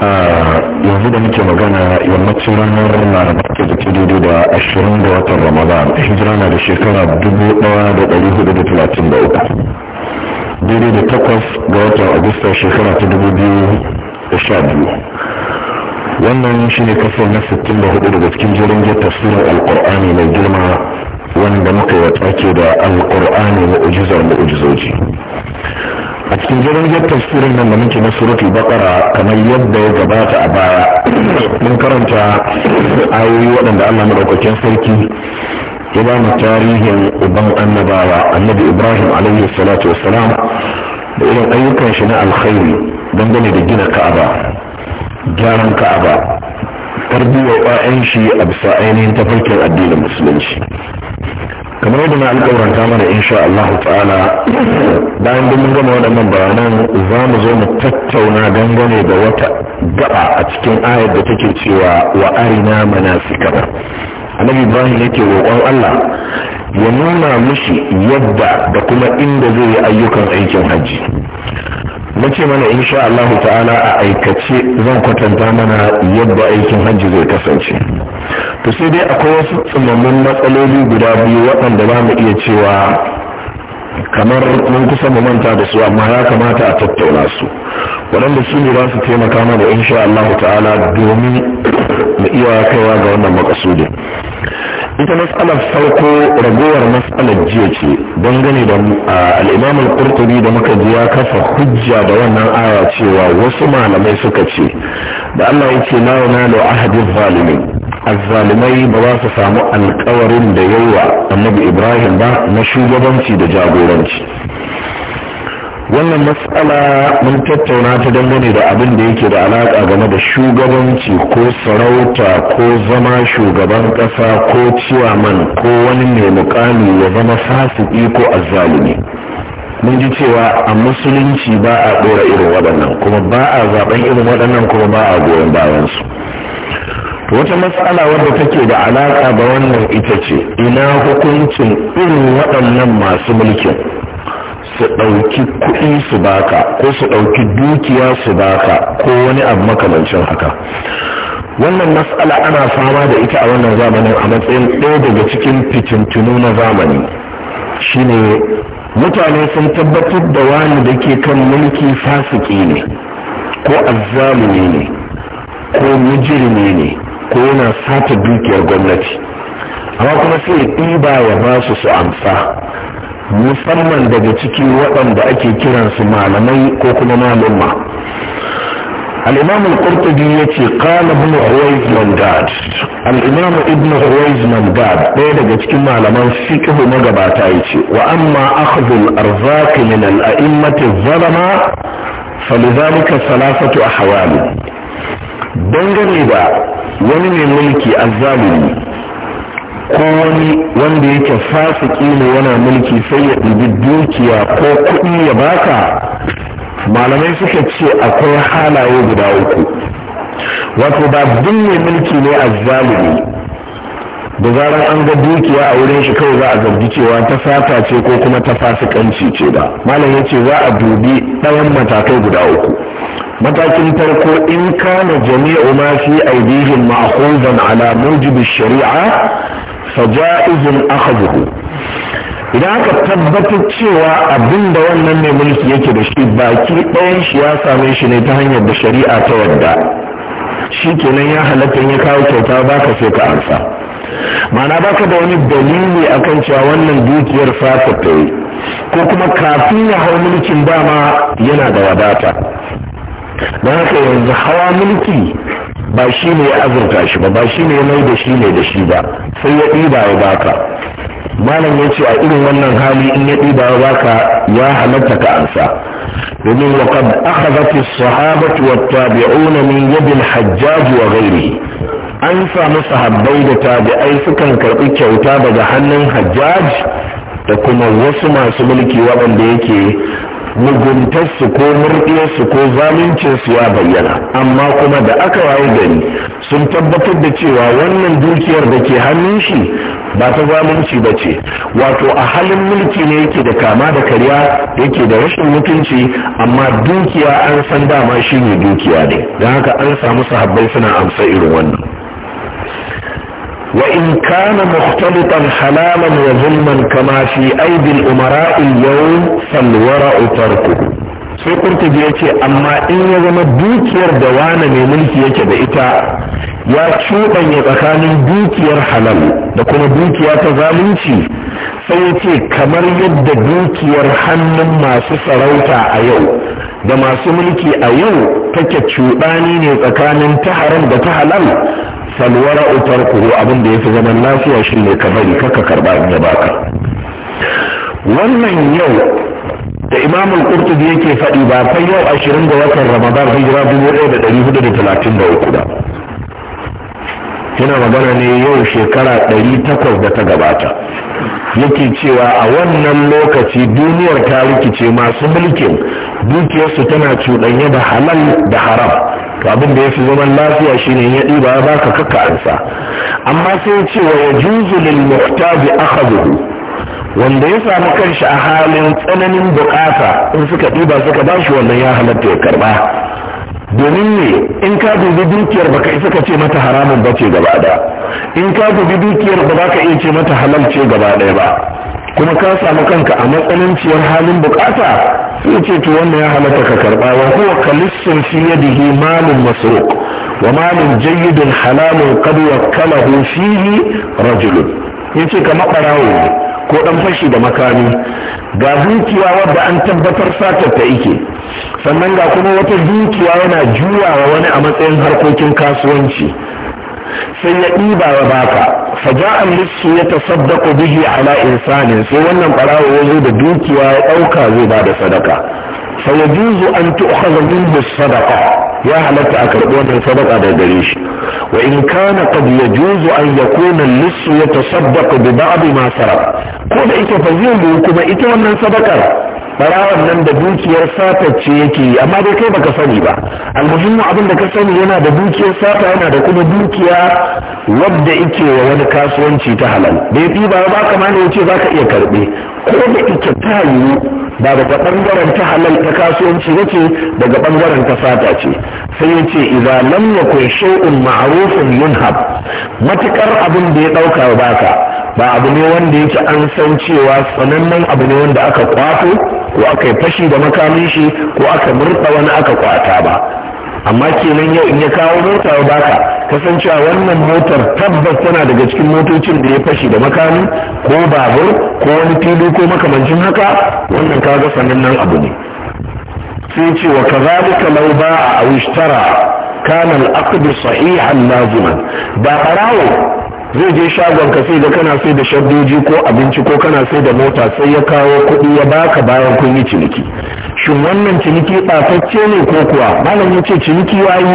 Ah, yanzu da muke magana yammacin ranar laraba ke da ke daidai da ashirin da watan ramadan hijira na da shekara dubu ɗaya da ɗari hudu da talatin da uku daidai da takwas ga watan agusta shekara ta dubu biyu da sha biyu wannan shi ne kasar na sittin da hudu daga cikin jirin jiyar tafsirin alkur'ani mai girma wanda muka yi wa tsake da alkur'ani mu'ujizar mu'ujizoji a cikin jirgin tafsirin nan da muke na suratul bakara kamar yadda ya gabata a baya mun karanta ayoyi waɗanda Allah madaukakin sarki ya ba mu tarihin uban annabawa annabi Ibrahim alaihi salatu wassalam da irin ayyukan shi na alkhairi dangane da gina Ka'aba gyaran Ka'aba tarbiyyar 'ya'yan shi a bisa ainihin tafarkin addinin musulunci kamar yadda na alƙawaranta mana insha Allah ta'ala bayan duk mun gama waɗannan bayanan za mu zo mu tattauna dangane da wata gaba a cikin ayar da take cewa wa arina manasikana annabi ibrahim yake roƙon allah ya nuna mishi yadda da kuma inda zai yi ayyukan aikin hajji nace mana insha Allah ta'ala a aikace zan kwatanta mana yadda aikin hajji zai kasance to sai dai akwai wasu tsumammun matsaloli guda biyu waɗanda za mu iya cewa kamar mun kusa mu manta da su amma ya kamata a tattauna su wadanda su ne za su taimaka mana insha Allah ta'ala domin mu iya kaiwa ga wannan makasudin ita matsalar farko ragowar matsalar jiya ce dangane da a al-qurtubi da muka ji ya kafa hujja da wannan aya cewa wasu malamai suka ce da Allah yake la yunalu ahadin zalimi azzalimai ba za su samu alkawarin da yawa annabi ibrahim ba na shugabanci da jagoranci wannan matsala mun tattauna ta dangane da abin da yake da alaƙa game da shugabanci ko sarauta ko zama shugaban ƙasa ko ciyaman ko wani mai mukami ya zama fasiki ko azzalumi mun ji cewa a musulunci ba a ɗora irin waɗannan kuma ba a zaɓen irin waɗannan kuma ba a goyon bayansu wata matsala wadda take da alaƙa ga wannan ita ce ina hukuncin irin waɗannan masu mulkin su ɗauki kuɗi su baka ko su ɗauki dukiya su baka ko wani abu makamancin haka wannan matsala ana fama da ita a wannan zamanin a matsayin ɗaya daga cikin fitintunu na zamani shine mutane sun tabbatar da wani da ke kan mulki fasiki ne ko azzalumi ne ko mujirmi ne ko yana sata dukiyar gwamnati amma kuma sai ɗiba ya ba su su amsa musamman daga ciki waɗanda ake kiransu malamai ko kuma malumma الإمام القرطبي يتي قال ابن هويز منداد الإمام ابن هويز منداد بيدا جتكما لمن فكه مقباتا يتي وأما أخذ الأرزاق من الأئمة الظلمة فلذلك ثلاثة أحوال دنجل إذا ومن الملك الظالم ko wani wanda yake fasiki ne yana mulki sai ya ɗibi dukiya ko kuɗi ya baka malamai suka ce akwai halaye guda uku wato ba duk mai mulki ne a zalimi da zarar an ga dukiya a wurin shi kawai za a zargi cewa ta sata ce ko kuma ta fasikanci ce ba malam ya ce za a dubi ɗayan matakai guda uku matakin farko in kana jami'u ma fi aidihim ma'khuzan ala mujibi shari'a faja'izun akhadhuhu idan aka tabbatar cewa abinda wannan mai mulki yake da shi baki ɗayan shi ya same shi ne ta hanyar da shari'a ta wadda shi kenan ya halatta ya kawo kyauta ba ka sai ka amsa ma'ana ba ka da wani dalili akan cewa wannan dukiyar fata ta yi ko kuma kafin ya hau mulkin dama yana da wadata da haka yanzu hawa mulki ba shi ne ya azurta shi ba ba shi ne ya mai da shi ne da shi ba sai ya ɗiba ya baka malam ya ce a irin wannan hali in ya ɗiba ya baka ya halatta ka ansa domin wa sahabatu wat-tabi'un min yad al-hajjaj wa ghayrihi an samu sahabbai da tabi'ai sukan karɓi kyauta daga hannun hajjaj da kuma wasu masu mulki waɗanda yake muguntarsu ko murɗiyarsu ko zaluncinsu ya bayyana amma kuma da aka waye gari sun tabbatar da cewa wannan dukiyar da ke hannun shi ba ta zalunci ba ce wato a halin mulki ne yake da kama da karya yake da rashin mutunci amma dukiya an san dama shi ne dukiya ne don haka an samu sahabbai suna amsa irin wannan وإن كان مختلطا حلالا وظلما كما في أيدي الأمراء اليوم فالورع تركه sai kurtubi ya ce amma in ya zama dukiyar da wane mai mulki yake da ita ya cuɗanya tsakanin dukiyar halal da kuma dukiya ta zalunci sai ya ce kamar yadda dukiyar hannun masu sarauta a yau da masu mulki a yau take cuɗani ne tsakanin ta haram da ta halal falwara utar kuro abin da ya fi zaman lafiya shi ne ka bari kaka karba in ya baka wannan yau da imam al-qurtubi yake faɗi ba fa yau ashirin ga watan ramadan hijira dubu da hudu da talatin da uku ba yana magana ne yau shekara ɗari takwas da ta gabata yake cewa a wannan lokaci duniyar ta rikice masu mulkin dukiyarsu tana cuɗanye da halal da haram abin da ya fi zaman lafiya shine ya ɗiba ba baka kakka ansa amma sai ya ce wa ya juzu lil muhtaji akhadhu wanda ya samu kanshi a halin tsananin bukata in suka ɗiba suka bashi wannan ya halatta ya karba domin ne in ka dubi dukiyar baka isa ka ce mata haramun ba ce gaba in ka dubi dukiyar ba za ka iya ce mata halal ce gaba daya ba kuma ka samu kanka a matsananciyar halin bukata sai ce to wannan ya halatta ka karba wa huwa kalissun fi yadihi malun masruq wa malun jayyidun halalun qad wakalahu fihi rajulun yace kamar barawo ne ko ɗan fashi da makami ga dukiya wadda an tabbatar satar ta ike sannan ga kuma wata dukiya yana juyawa wani a matsayin harkokin kasuwanci sai ya ɗiba wa baka faja'an lissu ya tasaddaqu bihi ala insanin sai wannan ɓarawo ya zo da dukiya ya ɗauka zai ba da sadaka fa yajuzu an tu'khadha minhu sadaqa ya halatta a karɓi wannan sadaka da gare shi wa in kana qad yajuzu an yakuna lissu yatasaddaqu bi ba'd ma sarqa ko da yake fa zai kuma ita wannan sadakar barawan nan da dukiyar ce yake yi amma dai kai baka sani ba almuhimmu abin da ka sani yana da dukiyar safa yana da kuma dukiya wadda yake wa wani kasuwanci ta halal bai fi ba ba kama ne yace zaka iya karbe ko da ike ta yiwu ba daga ɓangaren ta halal ta kasuwanci yake daga ɓangaren ta sata ce sai ya ce idza lam yakun shay'un ma'rufun yunhab matukar abin da ya dauka baka ba abu ne wanda yake an san cewa sanannen abu ne wanda aka kwato ko aka yi fashi da makamin shi ko aka murda wani aka kwata ba amma kenan yau in ya kawo mota ya baka kasancewa wannan motar tabbas tana daga cikin motocin da ya fashi da makami ko babur ko wani fili ko makamancin haka wannan ka ga sanin nan abu ne sai ce wa kazalika law ba'a aw ishtara kana al-aqd sahihan laziman ba arawo zai je shagon ka sai da kana sai da shaddoji ko abinci ko kana sai da mota sai ya kawo kuɗi ya baka bayan kun yi ciniki shin wannan ciniki ɓatacce ne ko kuwa malam ya ce ciniki yayi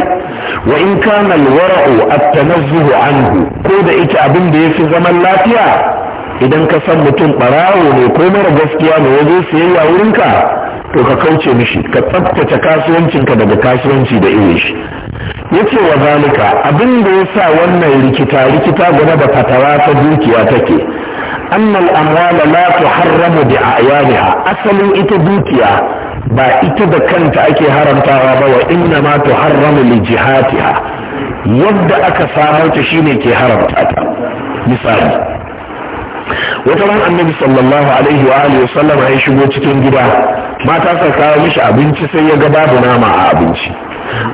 wa in kana alwara'u at-tanazzuhu anhu ko da ita abin da yafi zaman lafiya idan ka san mutum barawo ne ko mara gaskiya ne waje siyayya wurinka to ka kauce mishi ka tsaftace kasuwancinka daga kasuwanci da irin shi yace wa zalika abin da yasa wannan rikita rikita game da fatawa ta dukiya take annal amwala la tuharramu bi ayaniha asalin ita dukiya ba ita da kanta ake haramtawa ba wa inna ma tuharramu li jihatiha yadda aka samar ta shine ke haramta ta misali wata ran annabi sallallahu alaihi wa alihi wasallam ya shigo cikin gida mata sa kawo mishi abinci sai ya ga babu nama a abinci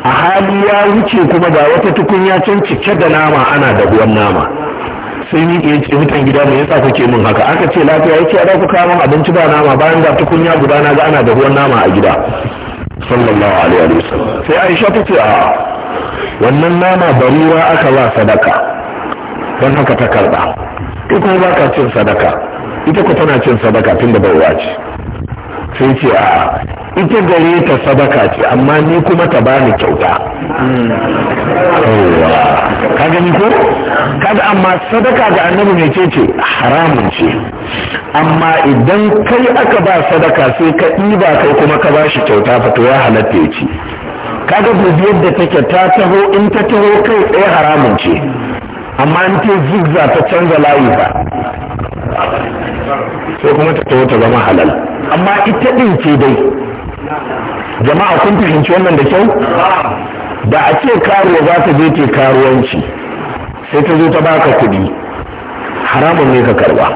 a hali ya wuce kuma ga wata tukunya can cike da nama ana da ruwan nama sai ni ke ce mutan gida me yasa kuke min haka aka ce lafiya yake a ku kawo abinci ba nama bayan ga tukunya guda na ga ana da ruwan nama a gida sallallahu alaihi wa sai Aisha ta ce a wannan nama barira aka ba sadaka don haka ta karba ita kuma ba ka cin sadaka ita ku tana cin sadaka tun da baiwa ce sai ce a ah, ita gare ta sadaka ce amma ni kuma ta bani kyauta ka gani ko kada amma sadaka ga annabi mai ce ce haramun ce amma idan kai aka ba sadaka sai ka ɗiba kai kuma ka ba shi kyauta fa to ya halatta ya ci kaga gobe yadda take ta taho in ta taho kai ɗaya haramun ce amma in ta zigza ta canza layi ba sai kuma ta tawo ta zama halal amma ita din ce dai jama'a kun fahimci wannan da kyau da a ce karuwa za ta je ke karuwanci sai ta zo ta baka kuɗi haramun ne ka karba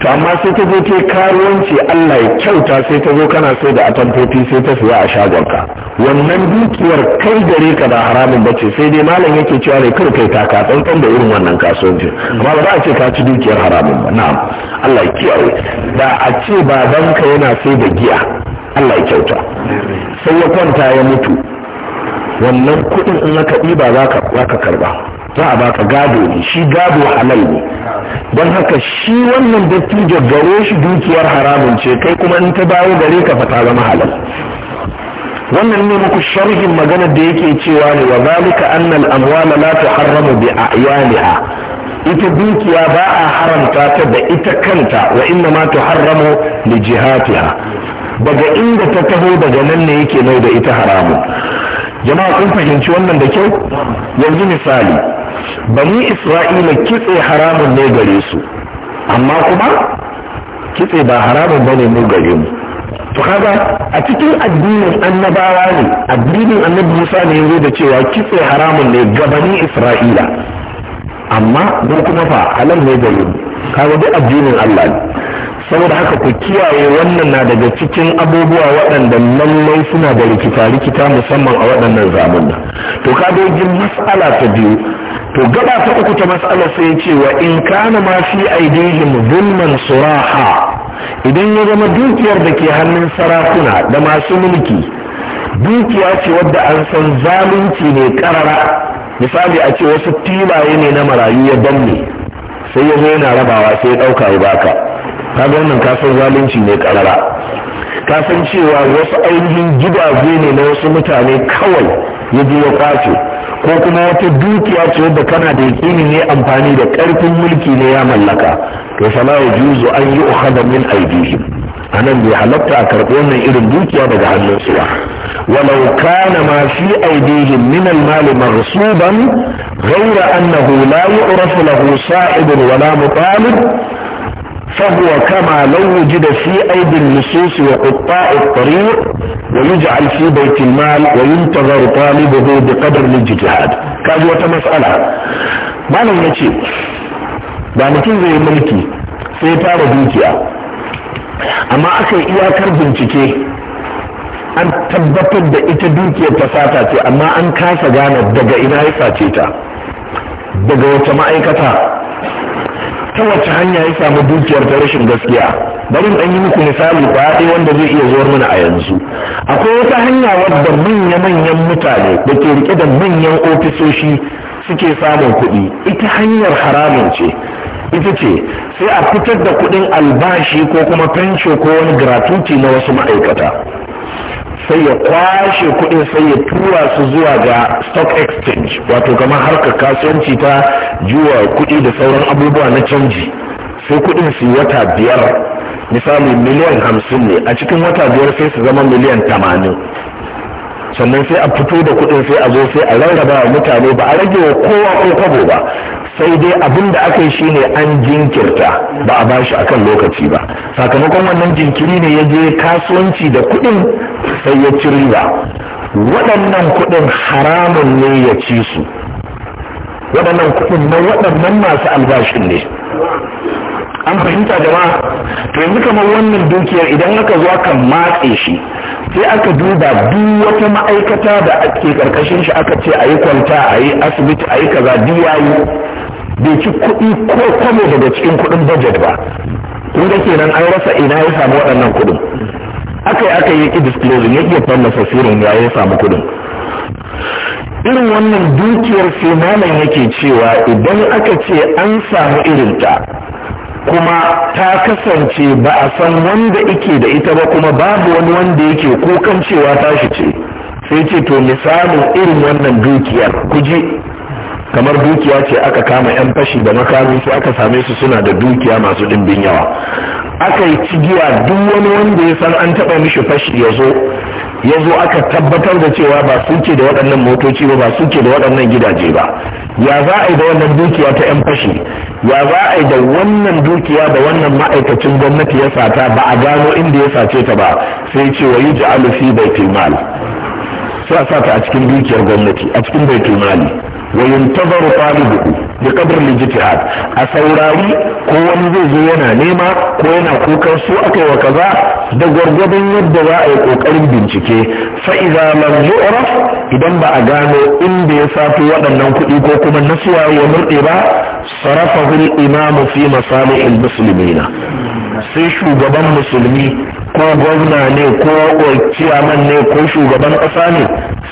to amma sai ta zo ta karuwanci Allah ya kyauta sai ta zo kana sai da atamfofi sai ta siya a shagonka wannan dukiyar kai gare ka ba haramun bace sai dai malam yake cewa ne kar kai taka tsantsan da irin wannan kasuwanci amma ba za a ce ka ci dukiyar haramun ba na'am Allah ya kiyaye da a ce babanka yana sai da giya Allah ya kyauta sai ya kwanta ya mutu wannan kuɗin in aka ɗiba za ka karba za a baka gado ne shi gado halal ne don haka shi wannan dattijo gare shi dukiyar haramun ce kai kuma in ta dawo gare ka fata zama halal wannan ne muku sharhin magana da yake cewa ne wa zalika annal amwala la tuharramu bi ita dukiya ba a haramta ta da ita kanta wa inna ma tuharramu li jihatiha daga inda ta taho daga nan ne yake mai da ita haramun jama'a kun fahimci wannan da kyau yanzu misali bani isra'ila kitse haramun ne gare su amma kuma kitse ba haramun bane mu gare mu to kaga a cikin addinin annabawa ne addinin annabi musa ne yanzu da cewa kitse haramun ne ga bani isra'ila amma mu kuma fa halal ne gare mu kaga duk addinin allah ne saboda haka ku kiyaye wannan na daga cikin abubuwa waɗanda lallai suna da rikita-rikita musamman a waɗannan zamunna to ka dogin mas'ala ta biyu to gaba ta uku ta mas'ala sai ce wa in kana ma fi aidihim zulman suraha idan ya zama dukiyar da ke hannun sarakuna da masu mulki dukiya ce wadda an san zalunci ne karara misali a ce wasu tilaye ne na marayu ya danne sai ya zo yana rabawa sai ya ɗauka ya baka ka wannan kasan zalunci ne karara kasan cewa wasu ainihin gidaje ne na wasu mutane kawai ya je ya kwace ko kuma wata dukiya ce wadda kana da yakinin ne amfani da karfin mulki ne ya mallaka to fala yajuzu an yi ukhadha min aydihim anan bai halatta a karɓi wannan irin dukiya daga hannunsu ba walau kana ma fi aydihim min al-mal marsuban ghayra annahu la yu'rafu lahu sa'ibun wala mutalib فهو كما لو وجد في أيدي النصوص وقطاع الطريق ويجعل في بيت المال وينتظر طالبه بقدر الاجتهاد كاد وتمسألة ما لم يجي ba mutum zai mulki sai tara dukiya amma aka yi iyakar bincike an tabbatar da ita dukiyar ta sata ce amma an kasa gane daga ina ta daga wata ma'aikata ta wace hanya ya samu dukiyar ta rashin gaskiya bari an yi muku misali kwaya wanda zai iya zuwar mana a yanzu akwai wata hanya wadda manya-manyan mutane da ke rike da manyan ofisoshi suke samun kuɗi ita hanyar haramun ce ita ce sai a fitar da kuɗin albashi ko kuma fensho ko wani gratuti na wasu ma'aikata sai ya kwashe kudin sai ya tura su zuwa ga stock exchange wato kamar harkar kasuwanci ta juwa kudi da sauran abubuwa na canji sai kudin su wata biyar misali miliyan hamsin ne a cikin wata biyar sai su zama miliyan tamanin sannan sai a fito da kudin sai a zo sai a rarraba wa mutane ba a rage wa kowa ko kwabo ba sai dai abin da aka yi shine an jinkirta ba a bashi a kan lokaci ba sakamakon wannan jinkiri ne ya je kasuwanci da kuɗin sai ya ci riba waɗannan kuɗin haramun ne ya ci su waɗannan kuɗin na waɗannan masu albashin ne an fahimta jama'a to yanzu kamar wannan dukiyar idan aka zo aka matse shi sai aka duba duk wata ma'aikata da ake karkashin shi aka ce a yi kwanta a yi asibiti a yi kaza duk yayi bai ci kuɗi ko kome daga cikin kuɗin budget ba kun ga kenan an rasa ina ya samu waɗannan kuɗin aka yi aka yi ki disclosing yake fanna sasirin ya ya samu kuɗin irin wannan dukiyar sai ya yake cewa idan aka ce an samu irin ta, kuma ta kasance ba a san wanda ike da ita ba kuma babu wani wanda yake kukan cewa tashi ce sai ce to misalin irin wannan dukiyar kuji kamar dukiya ce aka kama 'yan fashi da makami su aka same su suna da dukiya masu ɗimbin yawa aka yi cigiya duk wani wanda ya san an taɓa mishi fashi ya zo ya zo aka tabbatar da cewa ba su ke da waɗannan motoci ba ba su ke da waɗannan gidaje ba ya za a yi da wannan dukiya ta 'yan fashi ya za a yi da wannan dukiya da wannan ma'aikacin gwamnati ya sata ba a gano inda ya sace ta ba sai ce wa yi ja'alu fi baitul mal sai a sata a cikin dukiyar gwamnati a cikin baitul mali wa yuntazaru talibuhu bi qadri al-ijtihad a saurari ko wani zai zo yana nema ko yana kukan su akai wa kaza da gwargwadon yadda za a yi ƙoƙarin bincike fa idza lam idan ba a gano in inda ya sato waɗannan kuɗi ko kuma nasuwa ya murɗe ba sarafahu al-imam fi masalih al-muslimina sai shugaban musulmi ko gwamna ne ko ciyaman ne ko shugaban ƙasa ne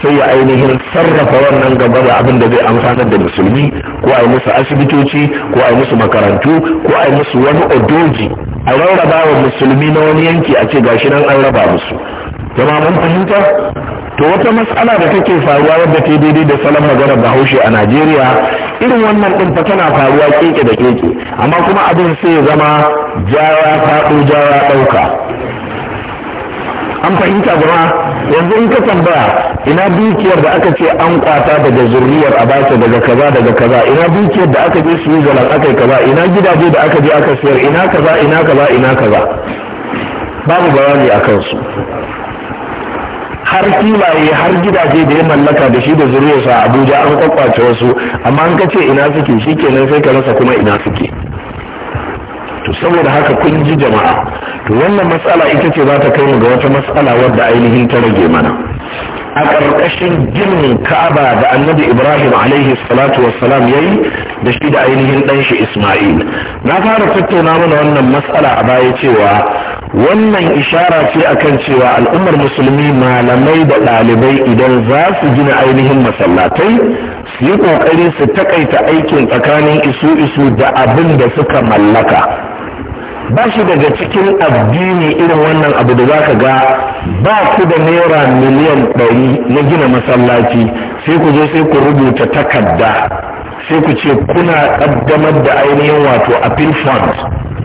sai ya ainihin sarrafa wannan gaba da abin da zai amfanar da musulmi ko a yi musu asibitoci ko a yi musu makarantu ko a yi musu wani odoji a rarraba wa musulmi na wani yanki a ce gashi nan an raba musu jama mun fahimta to wata matsala da take faruwa wadda ta daidai da salon magana bahaushe a najeriya irin wannan din fa tana faruwa keke da keke amma kuma abin sai ya zama jara faɗo jara ɗauka an fahimta jama'a yanzu in ka tambaya ina dukiyar da aka ce an kwata daga zurriyar abacha daga kaza daga kaza ina dukiyar da aka je switzerland aka yi kaza ina gidaje da aka je aka siyar ina kaza ina kaza ina kaza babu bayani a kansu har filaye har gidaje da ya mallaka da shi da zuriyarsa a abuja an kwakwace wasu amma an kace ina suke shi kenan sai ka rasa kuma ina suke to saboda haka kun ji jama'a to wannan matsala ita ce za ta kai mu ga wata matsala wadda ainihin ta rage mana a ƙarƙashin ginin ka'aba da annabi ibrahim alaihi salatu wassalam ya yi da shi da ainihin ɗan shi isma'il na fara tattauna mana wannan matsala a baya cewa wannan ishara ce akan cewa al'ummar musulmi malamai da ɗalibai idan za su gina ainihin masallatai su yi ƙoƙari su taƙaita aikin tsakanin isu isu da abin da suka mallaka ba shi daga cikin addini irin wannan abu da za ka ga ba ku da naira miliyan ɗari na gina masallaci sai ku zo sai ku rubuta takarda sai ku ce kuna ƙaddamar da ainihin wato appeal fund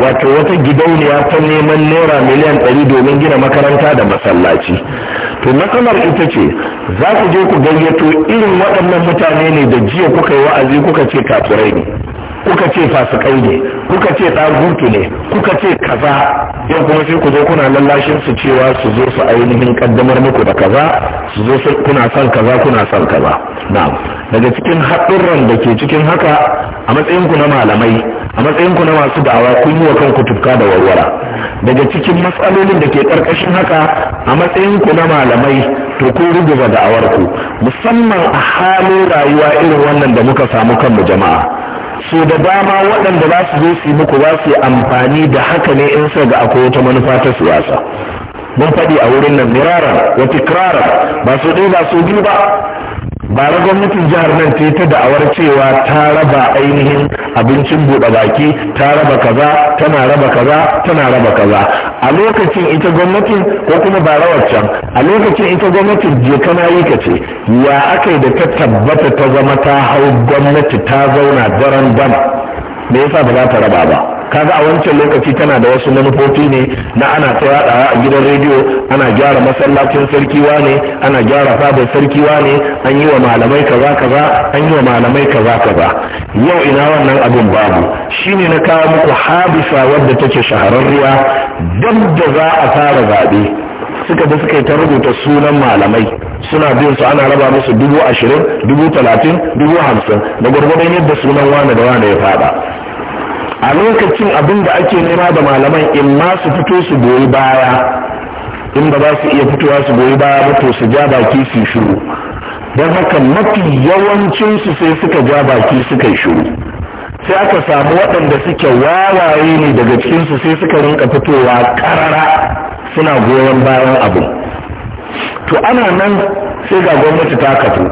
wato wata gidauniya ta neman naira miliyan ɗari domin gina makaranta da masallaci to matsalar ita ce za ku je ku gayyato irin waɗannan mutane ne da jiya kuka yi wa'azi kuka ce kafirai ne kuka ce fasikai ne kuka ce ɗagutu ne kuka ce kaza yau kuma sai ku zo kuna lallashin su cewa su zo su ainihin kaddamar muku da kaza su zo kuna son kaza kuna son kaza na'am daga cikin haɗurran da ke cikin haka a matsayin ku na malamai a matsayin ku na masu da'awa kun yi wa kanku tufka da warwara daga cikin matsalolin da ke karkashin haka a matsayin ku na malamai to kun ruguza da'awar ku musamman a halin rayuwa irin wannan da muka samu kanmu jama'a Su da dama waɗanda za su zo su yi muku za su yi amfani da haka ne in sa ga akwai wata manufa ta siyasa mun faɗi a wurin nan mirara wa kirara, ba su ɗaya ba su biyu ba bara gwamnatin jihar nan ta yi ta da'awar cewa ta raba ainihin abincin buɗe baki ta raba kaza tana raba kaza tana raba kaza a lokacin ita gwamnatin ko kuma bara can a lokacin ita gwamnatin je kana yi ka ce ya aka yi da ta tabbata ta zama ta hau gwamnati ta zauna daren dama me yasa ba za ta raba ba kaga a wancan lokaci tana da wasu manufofi ne na ana ta yadawa a gidan rediyo ana gyara masallacin sarki ne ana gyara fadar sarki ne an yi wa malamai kaza kaza an yi wa malamai kaza kaza yau ina wannan abin babu shine na kawo muku habisa wadda take shahararriya dab da za a fara zaɓe suka bi suka yi ta rubuta sunan malamai suna bin su ana raba musu dubu ashirin dubu talatin dubu hamsin da gwargwadon yadda sunan wane da wane ya fada a lokacin abin da ake nema da malaman in ma su fito su goyi baya in ba za su iya fitowa su goyi baya ba to su ja baki su shiru don haka mafi yawancinsu sai suka ja baki suka yi shiru sai aka samu waɗanda suke wawaye ne daga cikinsu sai suka rinka fitowa ƙarara suna goyon bayan abu to ana nan sai ga gwamnati ta kafu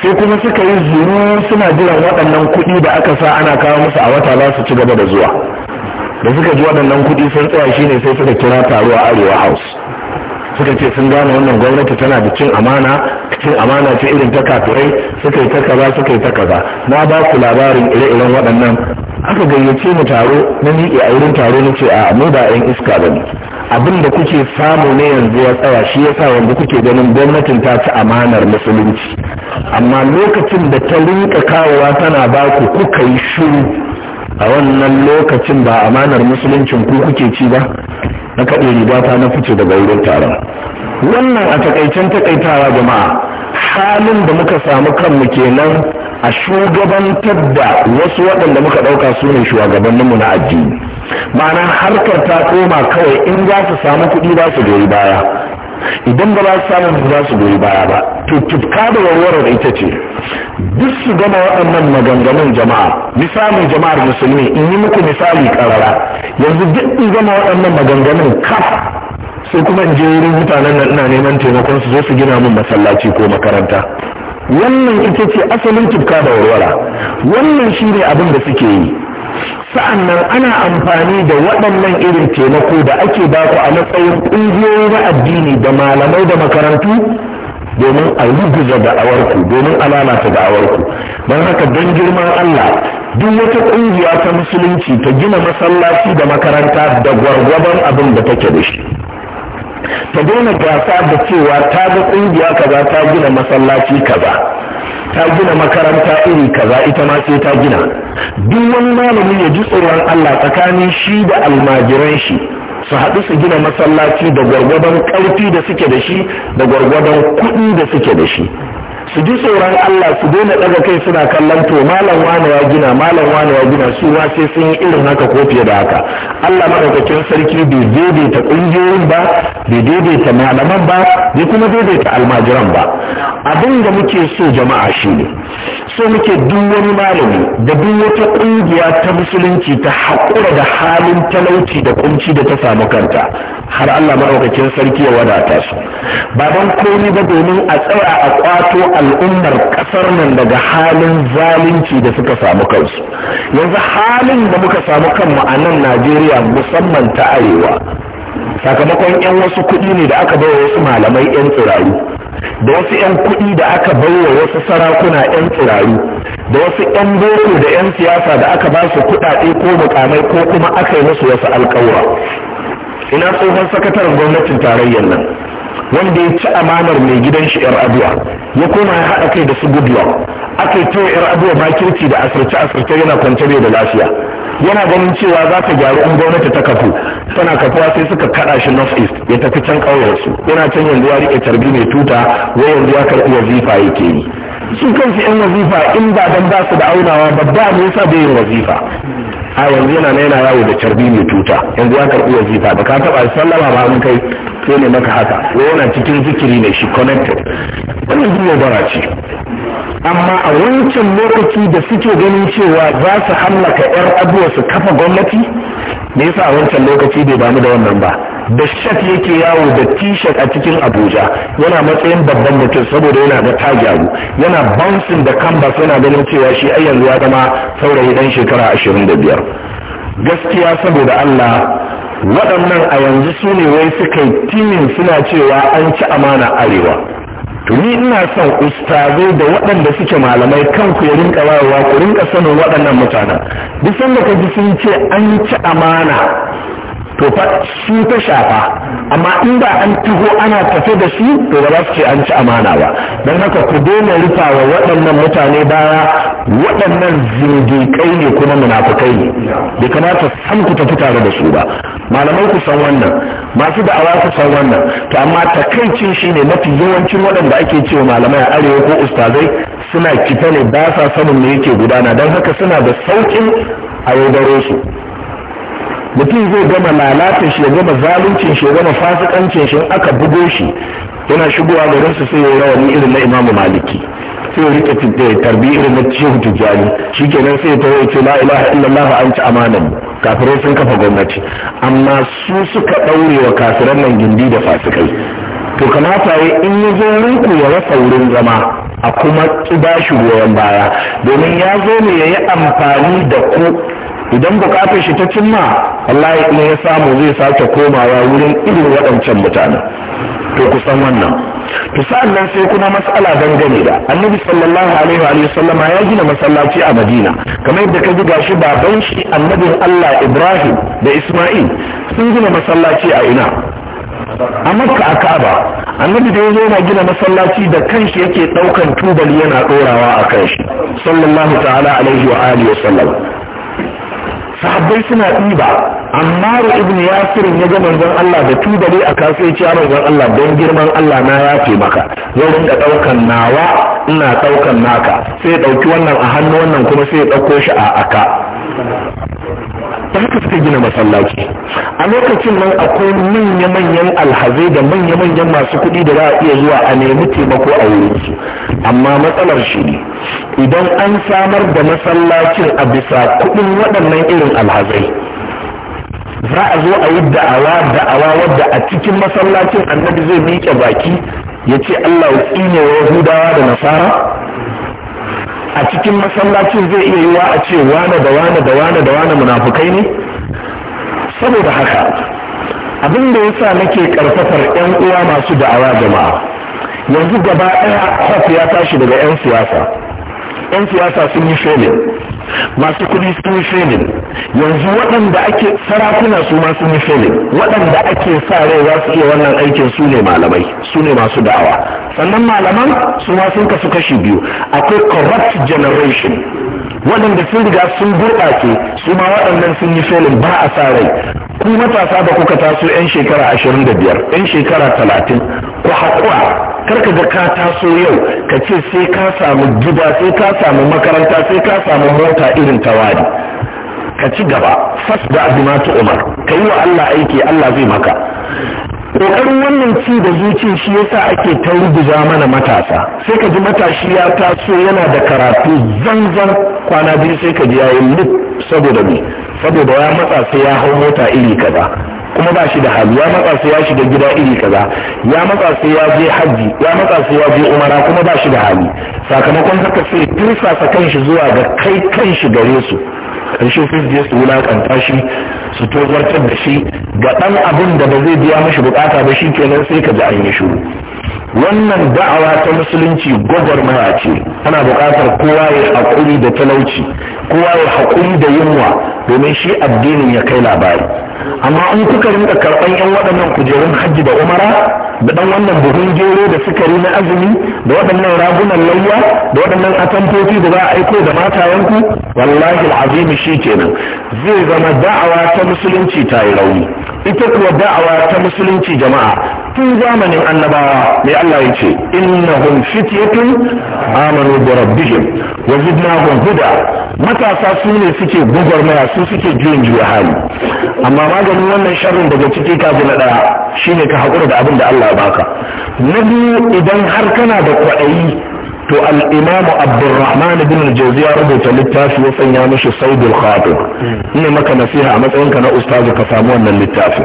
sai kuma suka yi zuru suna jiran waɗannan kuɗi da aka sa ana kawo musu a wata za su ci gaba da zuwa da suka ji waɗannan kuɗi sun tsaya shine sai suka kira taro a arewa house suka ce sun gane wannan gwamnati tana da cin amana cin amana ce irin ta kafirai suka yi ta kaza suka yi ta kaza na ba ku labarin ire-iren waɗannan aka gayyace mu taro na miƙe a irin taro na ce a mu ba 'yan iska ba ne abin da kuke samu na yanzu ya tsaya shi sa yanzu kuke ganin gwamnatin ta ci amanar musulunci amma lokacin da ta rinka kawowa tana ba ku kuka yi shiru a wannan lokacin ba amanar musuluncin ku kuke ci ba na kaɗe riba ta na fice daga wurin taron wannan a takaicen takaitawa jama'a halin da muka samu kanmu kenan a shugabantar da wasu waɗanda muka ɗauka su ne shugabanninmu na addini ma'ana harkar ta koma kawai in za su samu kuɗi ba su goyi baya idan ba za su samu za su goyi baya ba to tutka da warwarar ita ce duk su gama waɗannan maganganun jama'a misali jama'ar musulmi in yi muku misali karara yanzu duk in gama waɗannan maganganun kaf sai kuma in je wurin mutanen nan ina neman taimakon su zo su gina min masallaci ko makaranta wannan ita ce asalin tufka da warwara wannan shine abin da suke yi sa'annan ana amfani da waɗannan irin taimako da ake ba ku a matsayin ƙungiyoyi na addini da malamai da makarantu domin a ruguza da'awarku domin a lalata da'awarku don haka don girman Allah duk wata ƙungiya ta musulunci ta gina masallaci da makaranta da gwargwadon abin da take da shi ta daina gasa da cewa ta ga ƙungiya kaza ta gina masallaci kaza ta gina makaranta iri kaza ita ma sai ta gina duk wani malami ya ji tsoron Allah tsakanin shi da almajiran shi su haɗu su gina masallaci da gwargwadon ƙarfi da suke da shi da gwargwadon kuɗi da suke da shi su ji tsoron Allah su daina daga kai suna kallon to malam wani ya gina malam wani ya gina su ma sai sun yi irin haka ko fiye da haka Allah madaukakin sarki bai daidaita kungiyoyin ba bai daidaita malaman ba bai kuma daidaita almajiran ba abin da muke so jama'a shine so muke duk wani malami da duk wata kungiya ta musulunci ta haƙura da halin talauci da kunci da ta samu kanta har Allah madaukakin sarki ya wadata su ba don komai ba domin a tsaya a kwato al'ummar ƙasar nan daga halin zalunci da suka samu kansu yanzu halin da muka samu kanmu a nan najeriya musamman ta arewa sakamakon 'yan wasu kuɗi ne da aka baiwa wasu malamai 'yan tsirari, da wasu 'yan kuɗi da aka baiwa wasu sarakuna 'yan tsirari, da wasu 'yan boko da 'yan siyasa da aka ba su kuɗaɗe ko mukamai ko kuma aka yi musu wasu alƙawura ina tsohon sakataren gwamnatin tarayyar nan wanda ya ci amanar mai gidan shi yar abuwa ya koma ya haɗa kai da su goodluck aka yi tuwa yar abuwa ba kirki da asirce asirce yana kwance da lafiya yana ganin cewa za ta gyaru in gwamnati ta kafu tana kafuwa sai suka kaɗa shi north east ya tafi can ƙauyensu yana can yanzu ya riƙe tarbi mai tuta wai yanzu ya karɓi wazifa yake yi su kansu yan wazifa in ba dan ba su da aunawa ba ba me yasa bai yin wazifa a yanzu yana na yana yawo da carbi mai tuta yanzu ya karɓi wazifa da ka taɓa sallama ba mun kai sai ne maka haka yana cikin zikiri ne shi connected wannan zuwa bara ce amma a wancan lokaci da suke ganin cewa za su hallaka yar abuwa su kafa gwamnati me yasa a wancan lokaci bai bamu da wannan ba da shak yake yawo da t-shirt a cikin abuja yana matsayin babban mutum saboda yana da ta gyaru yana bouncing da canvas yana ganin cewa shi ayyanzu yanzu ya zama saurayi dan shekara ashirin da biyar gaskiya saboda allah waɗannan a yanzu su ne wai suka yi timin suna cewa an ci amana arewa to ina son ustazai da waɗanda suke malamai kan ku ya rinka wayewa ku rinka sanin waɗannan mutanen duk sanda ka ji sun ce an ci amana to fa su ta shafa amma in ba an taho ana tafe da shi to ba za su ce an ci amana ba don haka ku daina rufa wa waɗannan mutane baya waɗannan zindiƙai ne kuma munafukai ne bai kamata san ku tafi tare da su ba malamai ku san wannan masu da'awa ku san wannan to amma takaicin shi ne mafi yawancin waɗanda ake cewa malamai a arewa ko ustazai suna kifa ne ba sa sanin me yake gudana don haka suna da sauƙin a yaudare su mutum zai gama lalata shi ya gama zaluncin shi ya gama fasikancin shi aka bugo shi yana shigowa garin su sai ya rawani irin na imamu maliki sai ya rike eh, tarbi irin na cikin tijjani shi kenan sai ya tawo ya ce la ilaha illallah an ci amanan kafirai sun kafa gwamnati amma su suka ɗaure wa kafiran nan gindi da fasikai to kamata ya in ya zo rinku ya rasa wurin zama a kuma ƙi ba shi goyon baya domin ya zo ne ya yi amfani da ku idan bukatar shi ta cimma wallahi in ya samu zai sake komawa wurin irin waɗancan mutane, to kusan wannan to sa'an sai kuna matsala dangane da annabi sallallahu alaihi wa sallam ya gina masallaci a madina kamar yadda ka ji shi baban shi annabin allah ibrahim da isma'il sun gina masallaci a ina a makka a ka'aba annabi da yana gina masallaci da kanshi yake daukan tubali yana dorawa a kanshi sallallahu ta'ala alaihi wa alihi wa sallam sahabbai suna ɗiba amma da ibn yasir ya ga manzon Allah da tubali a kasuwa ciya manzon Allah don girman Allah na yafe maka zan da ɗaukan nawa ina ɗaukan naka sai ya ɗauki wannan a hannu wannan kuma sai ya ɗauko shi a aka ta haka suka gina masallaci a lokacin nan akwai manya-manyan alhazai da manya-manyan masu kuɗi da za a iya zuwa a nemi taimako a wurinsu amma matsalar shi ne idan an samar da masallacin a bisa kuɗin waɗannan irin alhazai za a zo a yi da'awa da'awa wadda a cikin masallacin annabi zai miƙe baki ya ce allah ya tsine wa yahudawa da nasara a cikin masallacin zai iya yiwa a ce wane da wane da wane da wane munafukai ne saboda haka abin da yasa nake karfafar yan uwa masu da'awa jama'a yanzu gaba ɗaya hop ya tashi daga yan siyasa 'yan siyasa sun yi felin masu kudi sun yi felin yanzu waɗanda ake sarakuna su ma sun yi felin waɗanda ake sa rai za su iya wannan aikin su ne malamai su ne masu da'awa sannan malaman su ma sun kasu kashi biyu akwai corrupt generation waɗanda sun riga sun gurɓace su ma waɗannan sun yi felin ba a sa rai ku matasa da kuka taso 'yan shekara ashirin da biyar 'yan shekara talatin ku haƙura karka ga ka taso yau ka ce sai ka samu gida sai ka samu. samu makaranta sai ka samu mota irin tawari ka ci gaba fasda bima umar ka yi wa Allah aiki Allah zai maka kokarin wannan ci da zuci shi yasa ake ta mana matasa sai ka ji matashi ya taso yana da karatu zanzan kwana biyu sai ka ji yayi lip saboda me saboda ya matsa sai ya hau mota iri kaza kuma ba shi da hali ya matsa sai ya shiga gida iri kaza ya matsa sai ya je hajji ya matsa sai ya je umara kuma ba shi da hali sakamakon haka sai tursasa kanshi zuwa ga kai kanshi gare su karshe sai je su wulakanta shi su tozartar da shi ga ɗan abin da ba zai biya mashi bukata ba shi kenan sai ka ji an yi shuru wannan da'awa ta musulunci gwagwarmaya ce ana bukatar kowa ya haƙuri da talauci kowa ya haƙuri da yunwa domin shi addinin ya kai labari amma in kuka rinka karɓan yan waɗannan kujerun hajji da umara da ɗan wannan buhun gero da sukari na azumi da waɗannan ragunan layya da waɗannan atamfofi da za a aiko da matayenku wallahi al'azim shi kenan zai zama da'awa ta musulunci ta yi rauni ita kuwa da'awa ta musulunci jama'a tun zamanin annabawa mai Allah ya ce innahum fityatun amanu bi rabbihim wa zidnahum huda matasa su ne suke maya su suke juyin juya hali amma maganin wannan sharrin daga ciki kafin na ɗaya shine ka haƙura da abin da Allah Allah baka na biyu idan har kana da kwaɗayi to al'imamu abdurrahman bin jauzi ya rubuta littafi ya sanya mishi saudul khatir ina maka nasiha a matsayinka na ustazu ka samu wannan littafi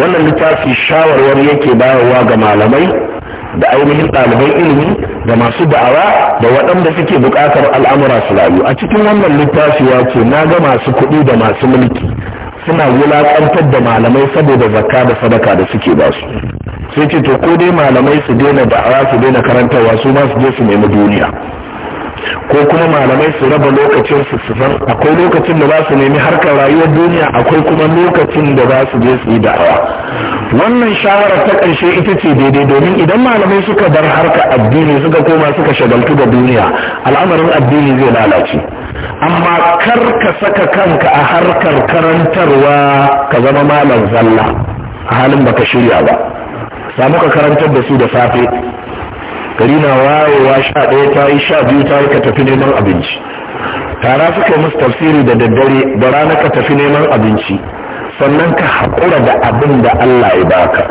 wannan littafi shawarwari yake bayarwa ga malamai da ainihin ɗalibai ilimi da masu da'awa da waɗanda suke buƙatar al'amura su rayu a cikin wannan littafi ya ce na ga masu kuɗi da masu mulki suna wulaƙantar da malamai saboda zakka da sadaka da suke ba su sai ce to ko dai malamai su daina da'awa su daina karantarwa su ma su je su nemi duniya ko kuma malamai su raba lokacin su su san akwai lokacin da za su nemi harkar rayuwar duniya akwai kuma lokacin da za su je su yi da'awa wannan shawara ta ƙarshe ita ce daidai domin idan malamai suka bar harkar addini suka koma suka shagaltu da duniya al'amarin addini zai lalace amma kar ka saka kanka a harkar karantarwa ka zama malam zalla a halin baka shirya ba sa muka karantar da su da safe gari na wayewa sha ɗaya ta yi sha biyu ta yi ka tafi neman abinci tara suka yi musu tafsiri da daddare da rana ka tafi neman abinci sannan ka haƙura da abin da Allah ya baka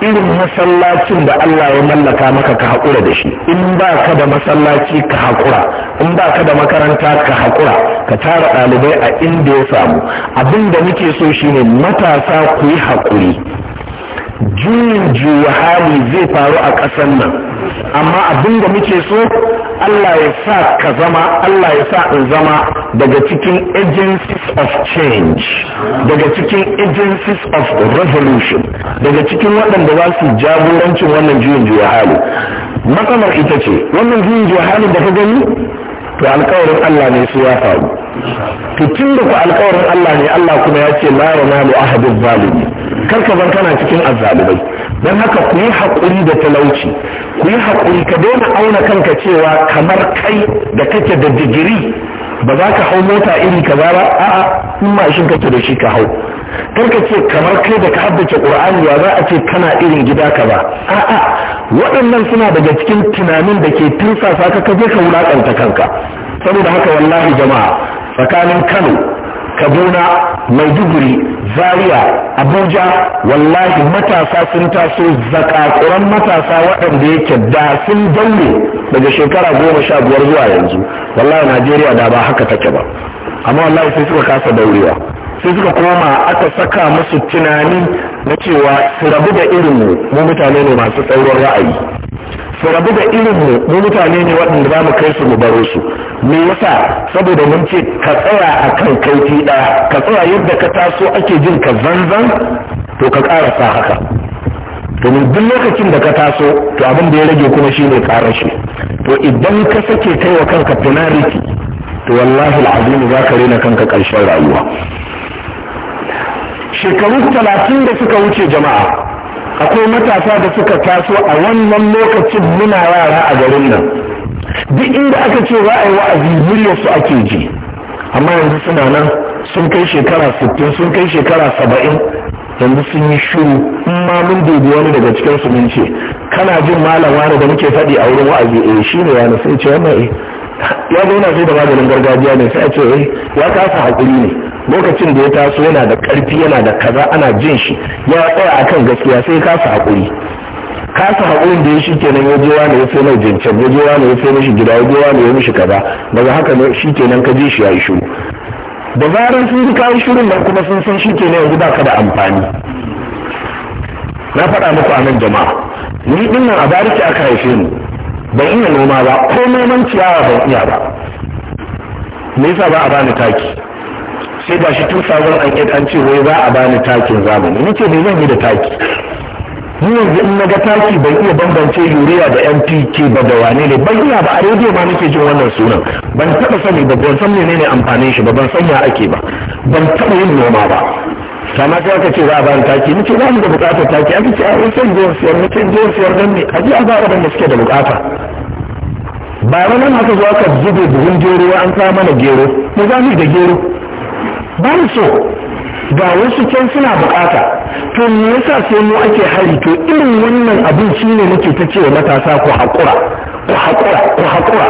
irin masallacin da Allah ya mallaka maka ka haƙura da shi in ba ka da masallaci ka haƙura in ba ka da makaranta ka haƙura ka tara ɗalibai a inda ya samu abin da muke so shine matasa ku yi haƙuri juyin juya hali zai faru a ƙasar nan amma abin da muke so Allah ya sa ka zama Allah ya sa in zama daga cikin agencies of change daga cikin agencies of revolution daga cikin waɗanda za su jagorancin wannan juyin juya hali matsalar ita ce wannan juyin juya hali da ka gani to alkawarin Allah ne su ya faru to tun da ku alkawarin Allah ne Allah kuma ya ce la yanalu ahadin zalimi kar ka kana cikin azzalumai don haka ku yi haƙuri da talauci ku yi haƙuri ka daina auna kanka cewa kamar kai da kake da digiri ba za ka hau mota iri kaza ba a'a in mashin kake da shi ka hau karka ce kamar kai da ka haddace qur'ani ya za a ce kana irin gida ka ba a'a waɗannan suna daga cikin tunanin da ke tursasa ka kaje ka wulakanta kanka saboda haka wallahi jama'a tsakanin Kano kaduna maiduguri zaria abuja wallahi matasa sun taso zakakuran matasa waɗanda yake da sun daure daga shekara goma sha biyar zuwa yanzu wallahi najeriya da ba haka take ba amma wallahi sai suka kasa daurewa sai suka koma aka saka musu tunani na cewa su rabu da irinmu mu mutane ne masu tsauron ra'ayi su rabu da irinmu mu mutane ne waɗanda za mu kai su mu baro su me yasa saboda mun ce ka tsaya a kan kaifi ɗaya ka tsaya yadda ka taso ake jin ka zanzan to ka ƙarasa haka domin duk lokacin da ka taso to abin da ya rage kuma shi shine ƙarashi to idan ka sake kai wa kanka penalty to wallahi al'azim za ka rena kanka ƙarshen rayuwa shekaru talatin da suka wuce jama'a akwai matasa da suka taso a wannan lokacin muna yara a garin nan duk inda aka ce za a yi wa'azi muryar su ake ji amma yanzu suna nan sun kai shekara sittin sun kai shekara saba'in yanzu sun yi shuru in ma mun dubi wani daga cikin su mun ce kana jin malam wani da muke faɗi a wurin wa'azi eh shine yana sun ce wannan eh ya zo yana da maganin gargajiya ne sai a ce eh ya kasa hakuri ne lokacin da ya taso yana da karfi yana da kaza ana jin shi ya tsaya akan gaskiya sai ya kasa hakuri kasa haƙurin da ya shi kenan ya je wani ya sai mai jincin ya je wani ya sai mishi gida ya je wani ya mishi kaza daga haka ne shi kenan ka je shi ya yi shuru da zarar sun ji kayan shirin nan kuma sun san shi kenan yanzu baka da amfani na faɗa muku a nan jama'a ni dinnan a bariki aka haife ni ban iya noma ba ko noman ciyawa ban iya ba me yasa ba a bani taki sai ba shi 2008 an ce wai ba a bani takin zamani nake ne zan yi da taki ni yanzu in na ga taki bai iya bambance urea da mpk ba da wane ne ban iya ba a rediyo ma nake jin wannan sunan ban taba sani ba ban san menene amfanin shi ba ban san ya ake ba ban taba yin noma ba sama sai aka ce za a bani taki nace za mu da bukatar taki aka ce a yi san jiyar siyar nace jiyar siyar dan ne a ji a ba da suke da bukata ba ranar haka zuwa ka zube buhun gero an kawo mana gero mu za mu da gero ba so ga wasu can suna bukata to me yasa sai mu ake hari to irin wannan abin ne muke ta cewa matasa ku haƙura ku haƙura ku haƙura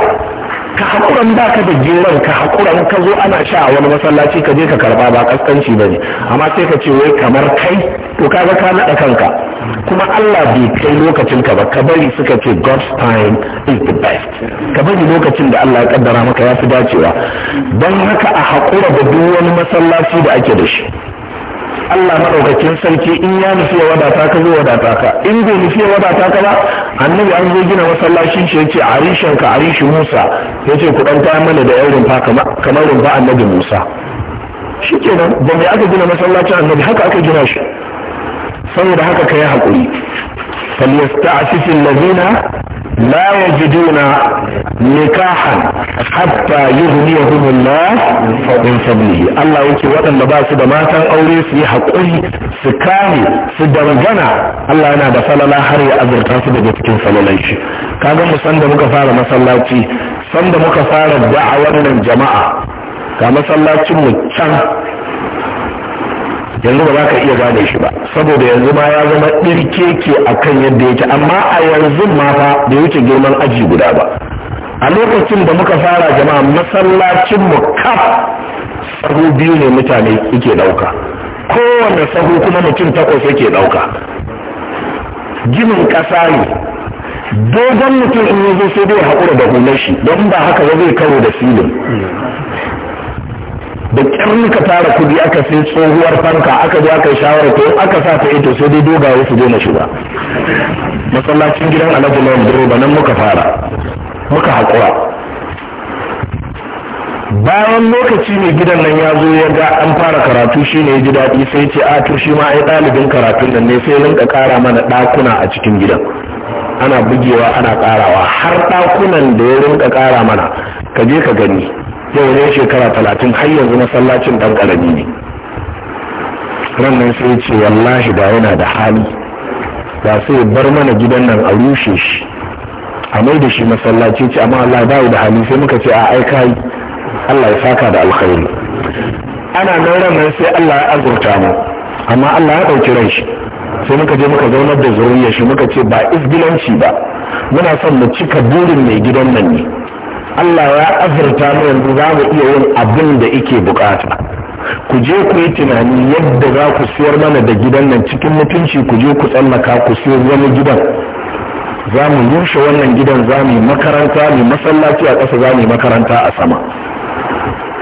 ka haƙuran ba ka da geran ka haƙuran ka zo ana sha a wani masallaci ka je ka karba ba kaskanci ba ne amma sai ka ce wai kamar kai to ka ga ka naɗa kanka kuma Allah bai kai lokacin ka ba ka bari suka ce God's time is the best ka bari lokacin da Allah ya kaddara maka ya fi dacewa don haka a haƙura da duk wani masallaci da ake da shi Allah maɗaukakin sarki in ya nufi ya wadata ka zai wadata ka in bai nufi ya wadata ka ba annabi an zo gina masallacin shi yace arishan ka arishi Musa yace ku dan mana da yan rumfa kamar rumfa annabi Musa shikenan ba mai aka gina masallacin annabi haka aka gina shi saboda haka kai hakuri falyasta'fifil ladina لا يجدون نكاحا حتى يغنيهم الله من فضله الله yake waɗanda ba su da matan aure su yi haƙuri su kare su dangana Allah yana da falala har ya azurta su daga cikin falalan kaga mu sanda muka fara masallaci sanda muka fara da'awar nan jama'a ga masallacin mu can yanzu ba za ka iya gane shi ba saboda yanzu ma ya zama ɗirke-ke a kan yadda yake amma a yanzu ma fa da wuce girman aji guda ba a lokacin da muka fara jama'a masallacin mu kaf sahu biyu ne mutane yake ɗauka kowane sahu kuma mutum takwas yake ɗauka ginin ƙasa ne dogon mutum in yanzu sai dai haƙura da hunar shi don ba haka ba zai karo da silin da kyar muka tara kudi aka sai tsohuwar fanka aka zo aka yi shawara ko aka sa ta ito sai dai dogaye su daina shiga masallacin gidan alhaji lawan duro nan muka fara muka haƙura bayan lokaci ne gidan nan ya zo ya ga an fara karatu shi ne ji daɗi sai ce a to shi ma ai ɗalibin karatun nan ne sai rinka ƙara mana ɗakuna a cikin gidan ana bugewa ana ƙarawa har ɗakunan da ya rinka ƙara mana ka je ka gani yau ne shekara talatin har yanzu masallacin dan karami ne rannan sai ce wallahi da yana da hali da sai bar mana gidan nan a rushe shi a mai da shi masallaci ce amma Allah ba da hali sai muka ce a aika Allah ya saka da alkhairi ana nan nan sai Allah ya azurta mu amma Allah ya ɗauki ran shi sai muka je muka zaunar da zuriyar shi muka ce ba isbilanci ba muna son mu cika burin mai gidan nan ne Allah ya azurta mu yanzu za mu iya yin abin da ike bukata ku je ku yi tunani yadda za ku siyar mana da gidan nan cikin mutunci ku je ku tsallaka ku siyo wani gidan za mu rushe wannan gidan za mu makaranta mu masallaci a ƙasa za mu makaranta a sama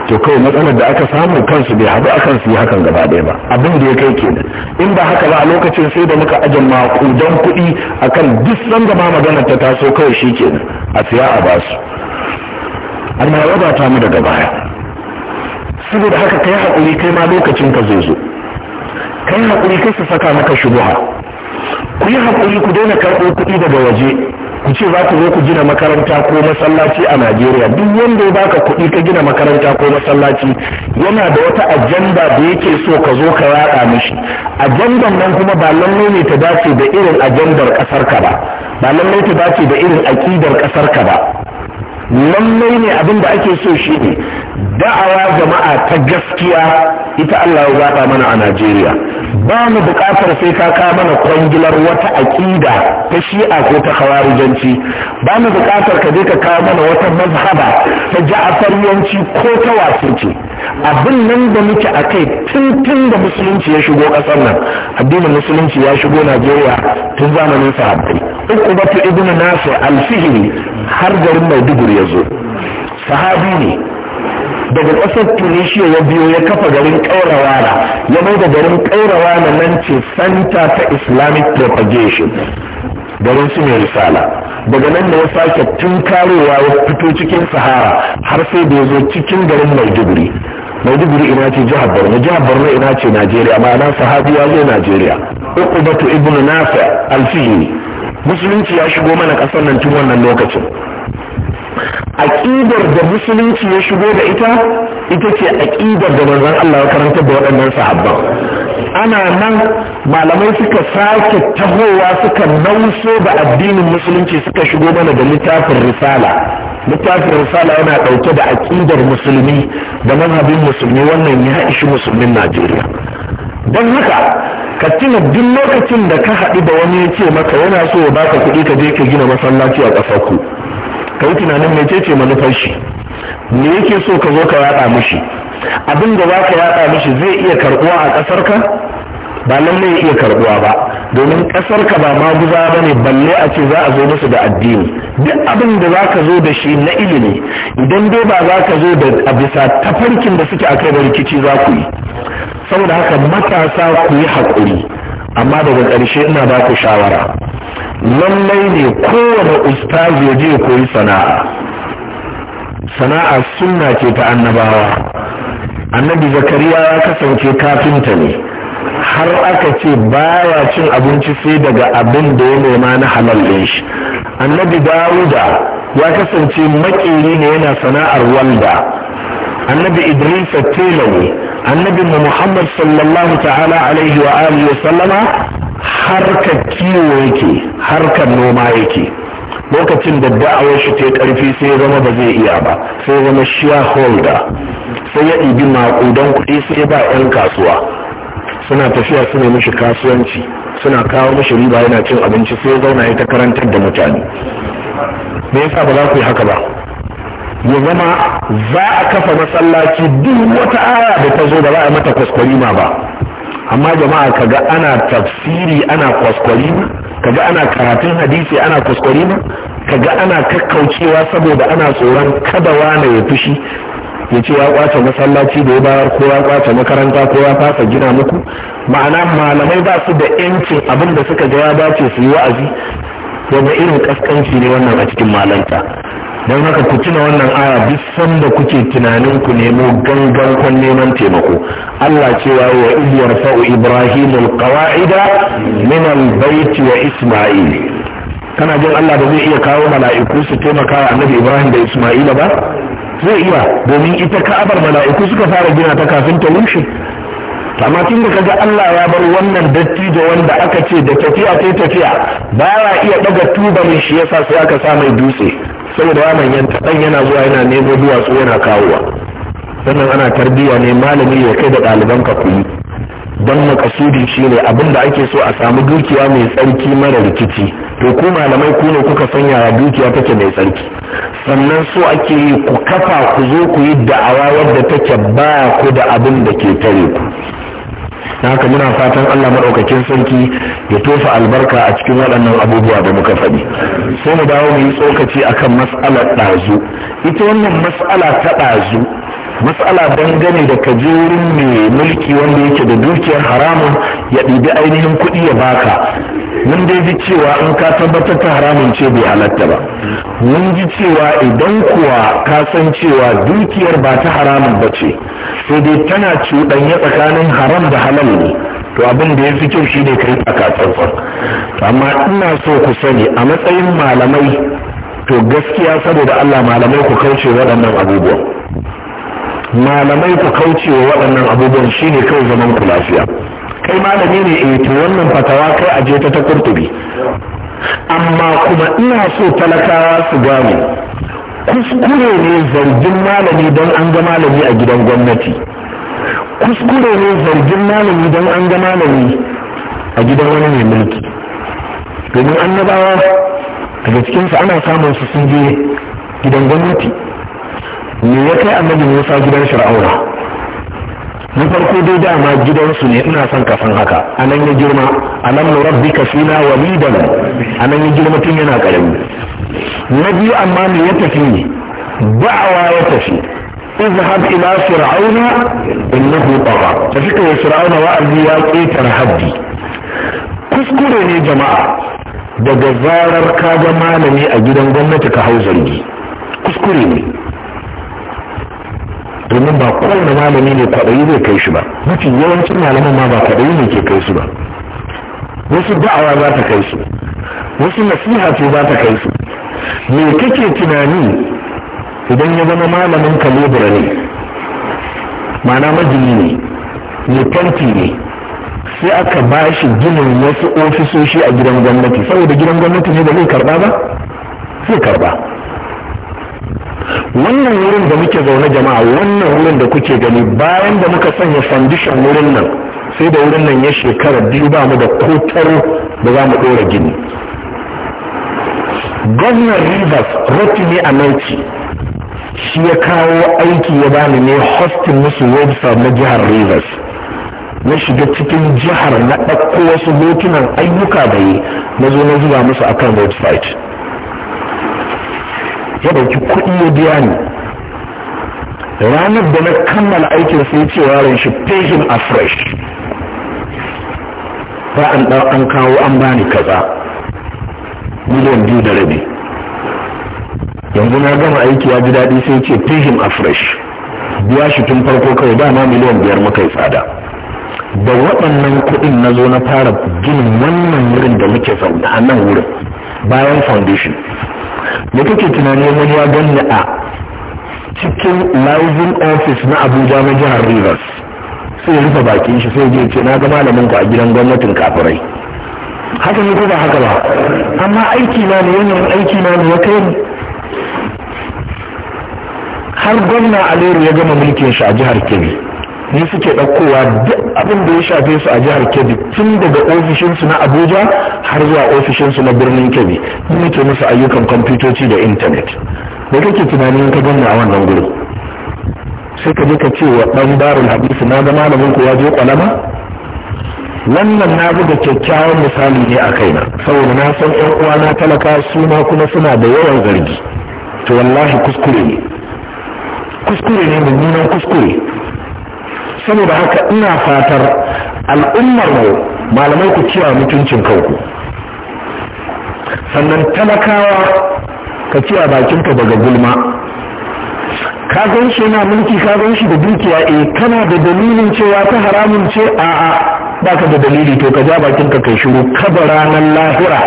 to kai matsalar da aka samu kansu bai haɗu akan su yi hakan gaba ɗaya ba abin da ya kai kenan in ba haka ba a lokacin sai da muka ajin maƙudan kuɗi akan duk sanda ma maganar ta taso kawai shi kenan a siya a basu amma ya wadata mu daga baya saboda haka kai haƙuri kai ma lokacin ka zozo kai haƙuri kai su saka maka shubuha ku yi haƙuri ku daina karɓo kuɗi daga waje ku ce za ku zo ku gina makaranta ko masallaci a Najeriya duk wanda ya baka kuɗi ka gina makaranta ko masallaci yana da wata ajanda da yake so ka zo ka yaɗa mishi ajandan nan kuma ba lallai ne ta dace da irin ajandar ƙasar ka ba ba lallai ta dace da irin aƙidar ƙasar ka ba lallai ne abin da ake so shi ne da'awa jama'a ta gaskiya ita Allah ya zaɓa mana a Najeriya ba mu buƙatar sai ka ka mana kwangilar wata aƙida ta shi'a ko ta khawarijanci ba mu buƙatar ka je ka ka mana wata mazhaba ta ja'afariyanci ko ta wasanci abin nan da muke a kai tun tun da musulunci ya shigo ƙasar nan addinin musulunci ya shigo Najeriya tun zamanin sahabbai uku batu ibnu nasir al-fihri har garin maiduguri ya zo sahabi ne daga ƙasar tunisia ya biyo ya kafa garin ƙaurawana ya mai da garin ƙaurawana nan ce santa ta islamic propagation garin su mai risala daga nan da ya sake tun karowa ya fito cikin sahara har sai da ya zo cikin garin maiduguri maiduguri ina ce jihar borno jihar borno ina ce najeriya ma'ana sahabi ya zo najeriya uku batu ibn nafi alfihiri musulunci ya shigo mana ƙasar nan tun wannan lokacin aƙidar da musulunci ya shigo da ita ita ce aƙidar da manzon Allah ya karanta da waɗannan sahabban ana nan malamai suka sake tahowa suka nauso da addinin musulunci suka shigo mana da littafin risala littafin risala yana ɗauke da aƙidar musulmi da manhabin musulmi wannan ya ishi musulmin Najeriya don haka ka tuna duk lokacin da ka haɗu da wani ya ce maka yana so ya baka kuɗi ka je ka gina masallaci a ƙasar ku ka yi tunanin mai cece manufar shi me yake so ka zo ka yaɗa mishi abin da za ka yaɗa mishi zai iya karɓuwa a ƙasar ka ba lallai ya iya karɓuwa ba domin kasar ka ba maguza ba ne balle a ce za a zo musu da addini duk abin da za ka zo da shi na ilimi idan dai ba za ka zo da a bisa tafarkin da suke a kai da rikici za ku yi saboda haka matasa ku yi haƙuri amma daga ƙarshe ina ba ku shawara lallai ne kowane ustazi ya je koyi sana'a sana'a sunna ce ta annabawa annabi zakariya ya kasance kafinta ne har aka ce baya cin abinci sai daga abin da ya nema na halal ne shi annabi dawuda ya kasance makeri ne yana sana'ar walda annabi idris telawi annabi muhammad sallallahu ta'ala alaihi wa alihi wa sallama harkar kiwo yake harkar noma yake lokacin da da'awar shi ta karfi sai zama ba zai iya ba sai zama zama shareholder sai ya ɗibi maƙudan kuɗi sai ba 'yan kasuwa suna tafiya suna mishi kasuwanci suna kawo mishi riba yana cin abinci sai zauna ya ta karantar da mutane me yasa ba za ku yi haka ba ya zama za a kafa masallaci duk wata aya da ta zo ba za a mata kwaskwarima ba amma jama'a kaga ana tafsiri ana kwaskwarima kaga ana karatun hadisi ana kwaskwarima kaga ana kakkaucewa saboda ana tsoron kada wane ya fushi ya ce ya kwace masallaci da ya bayar ko ya kwace makaranta ko ya fasa gina muku ma'ana malamai ba su da yancin abin da suka ga ya dace su yi wa'azi wanda irin kaskanci ne wannan a cikin malanta don haka ku tuna wannan aya duk sanda kuke tunanin ku nemo gangan kon neman taimako Allah cewa wa idh yarfa'u ibrahim alqawa'ida min albayt wa isma'il kana jin Allah ba zai iya kawo mala'iku su taimaka wa annabi ibrahim da isma'ila ba zai iya domin ita ka'abar mala'iku suka fara gina ta kafin ta rushe amma tun da kaga Allah ya bar wannan dattijo wanda aka ce da tafiya sai tafiya ba ya iya daga tubalin shi yasa sai aka sa mai dutse saboda ya manyanta dan yana zuwa yana nemo duwatsu yana kawowa sannan ana tarbiyya ne malami ya kai da ɗaliban ka kuyi don makasudi shine abin da ake so a samu dukiya mai tsarki mara rikici to ku malamai ku ne kuka sanya wa dukiya take mai tsarki sannan so ake yi ku kafa ku zo ku yi da'awa wadda take ba ku da abin da ke tare ku na haka muna fatan Allah maɗaukakin sarki ya tofa albarka a cikin waɗannan abubuwa da muka faɗi sai mu dawo mu yi tsokaci akan mas'alar ɗazu ita wannan mas'ala ta ɗazu matsala dangane da ka mai mulki wanda yake da dukiyar haramun ya ɗibi ainihin kuɗi ya baka mun dai ji cewa in ka tabbatar ta haramun ce bai halatta ba mun ji cewa idan kuwa ka san cewa dukiyar ba ta haramun ba ce sai dai tana cuɗanya tsakanin haram da halal ne to abin da ya fi kyau shi ne kai tsaka tsantsan amma ina so ku sani a matsayin malamai to gaskiya saboda Allah malamai ku kauce waɗannan abubuwan malamai ku kauce wa waɗannan abubuwan shine kawai zaman ku lafiya kai malami ne eh to wannan fatawa kai aje ta ta kurtubi amma kuma ina so talakawa su gane kuskure ne zargin malami don an ga malami a gidan gwamnati kuskure ne zargin malami don an ga malami a gidan wani mai mulki domin annabawa daga cikinsu ana samun su sun je gidan gwamnati me ya kai annabi musa gidan fir'auna na farko dai dama gidansu ne ina son ka san haka nan ya girma alam rabbika fina walidan anan ya girma tun yana karami na biyu amma me ya tafi da'awa ya tafi fir'auna الى فرعون Tafi ka ففكر فرعون وارضي ya قيتر هدي kuskure ne jama'a daga zarar ka ga malami a gidan gwamnati ka hau zargi kuskure ne domin ba kowane malami ne kwaɗayi zai kai shi ba mafi yawancin malaman ma ba kwaɗayi ne ke kai su ba wasu da'awa za ta kai su wasu nasiha ce za ta kai su me kake tunani idan ya zama malamin ka lebura ne ma'ana majini ne mai ne sai aka ba shi ginin wasu ofisoshi a gidan gwamnati saboda gidan gwamnati ne ba zai karba ba zai karba wannan wurin da muke zaune jama'a wannan wurin da kuke gani bayan da muka sanya foundation wurin nan sai da wurin nan ya shekara biyu ba mu da kotaro da za mu ɗora gini gwamnan rivers rotimi a nauci shi ya kawo aiki ya bani ne hostin musu website na jihar rivers na shiga cikin jihar na ɗauko wasu hotunan ayyuka da yi na zo na zuba musu akan website ya dauki kuɗi ya biya ni ranar da na kammala aikin sai ce yaron shi a afresh ba an an kawo an bani kaza miliyan biyu da rabi yanzu na gama aiki ya ji daɗi sai ce a afresh biya shi tun farko kawai dama miliyan biyar muka yi tsada da waɗannan kuɗin na zo na fara ginin wannan wurin da muke zaune a nan wurin bayan foundation da kake tunanin wani ya ganni a cikin lausin ofis na abuja na jihar rivers sai ya rufe bakin shi sai ya ce na ga malamin ku a gidan gwamnatin kafirai haka ne ko ba haka ba amma aiki na ne yanayin aiki na ne ya kai har gwamna aleru ya gama mulkin shi a jihar kebbi ne suke ɗaukowa duk abin da ya shafe su a jihar kebbi tun daga ofishinsu na abuja har zuwa ofishinsu na birnin kebbi Ni ke musu ayyukan kwamfutoci da intanet da kake tunanin ka ganna a wannan guri sai ka je ka ce wa ɗan darul hadisi na ga malamin kowa je kwalama wannan na buga kyakkyawan misali ne a kaina saboda na san yan uwana talaka su ma kuma suna da yawan zargi to wallahi kuskure ne kuskure ne mummunan kuskure saboda haka ina fatar al'ummar mu malamai ku kiyaye mutuncin kanku sannan talakawa ka bakin ka daga gulma ka gan shi na mulki ka gan shi da dukiya eh kana da dalilin cewa ta haramun ce a baka da dalili to ka ja bakin ka kai shiru kabara ranar lahira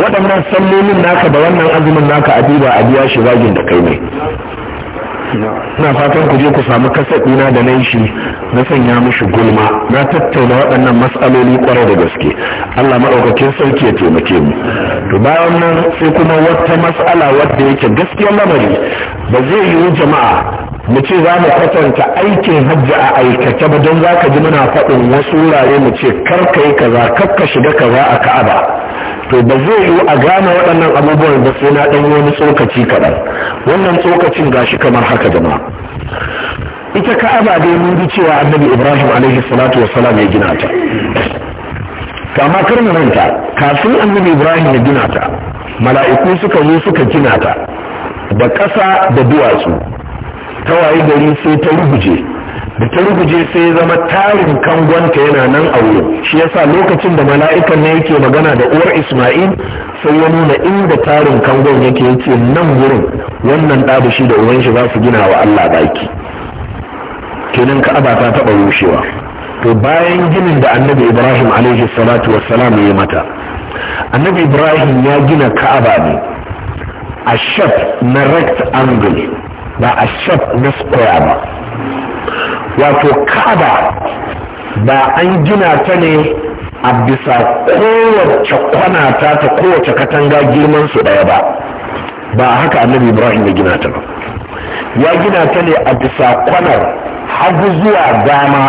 waɗannan sallolin naka da wannan azumin naka a diba a biya shi zagin da kai ne na fatan ku je ku samu kaset ɗina da nan shi na sanya mushi gulma na tattauna waɗannan matsaloli kwarai da gaske Allah maɗaukakin sarki ya taimake mu to bayan nan sai kuma wata matsala wadda yake gaskiyar lamari ba zai yiwu jama'a mu ce za mu kwatanta aikin hajji a aikace ba don za ka ji muna faɗin wasu wurare mu ce kar ka yi kaza kar ka shiga kaza a ka'aba to ba zai yiwu a gane waɗannan abubuwan ba sai na ɗan wani tsokaci kaɗan wannan tsokacin ga shi kamar haka jama'a ita ka'aba dai mun bi cewa annabi ibrahim alaihi salatu wasalam ya gina ta to kar mu manta kafin annabi ibrahim ya gina ta mala'iku suka zo suka gina ta da ƙasa da duwatsu tawaye gari sai ta rubuje da ta ruguje sai ya zama tarin kangonta yana nan a wuri, shi yasa lokacin da mala'ikan ne yake magana da uwar isma'il sai ya nuna inda tarin kangon yake yace nan wurin wannan ɗa da shi da uwan shi za su gina wa Allah baki kenan ka'aba ta taɓa rushewa to bayan ginin da annabi ibrahim alaihi salatu wassalam ya mata annabi ibrahim ya gina ka'aba ne a shaf na angle, ba a shaf na square ba wato ka'aba ba an gina ta ne a bisa kowace kwana ta ta kowace katanga girman su daya ba ba haka annabi ibrahim ya gina ta ba ya gina ta ne a bisa kwanar hagu zuwa dama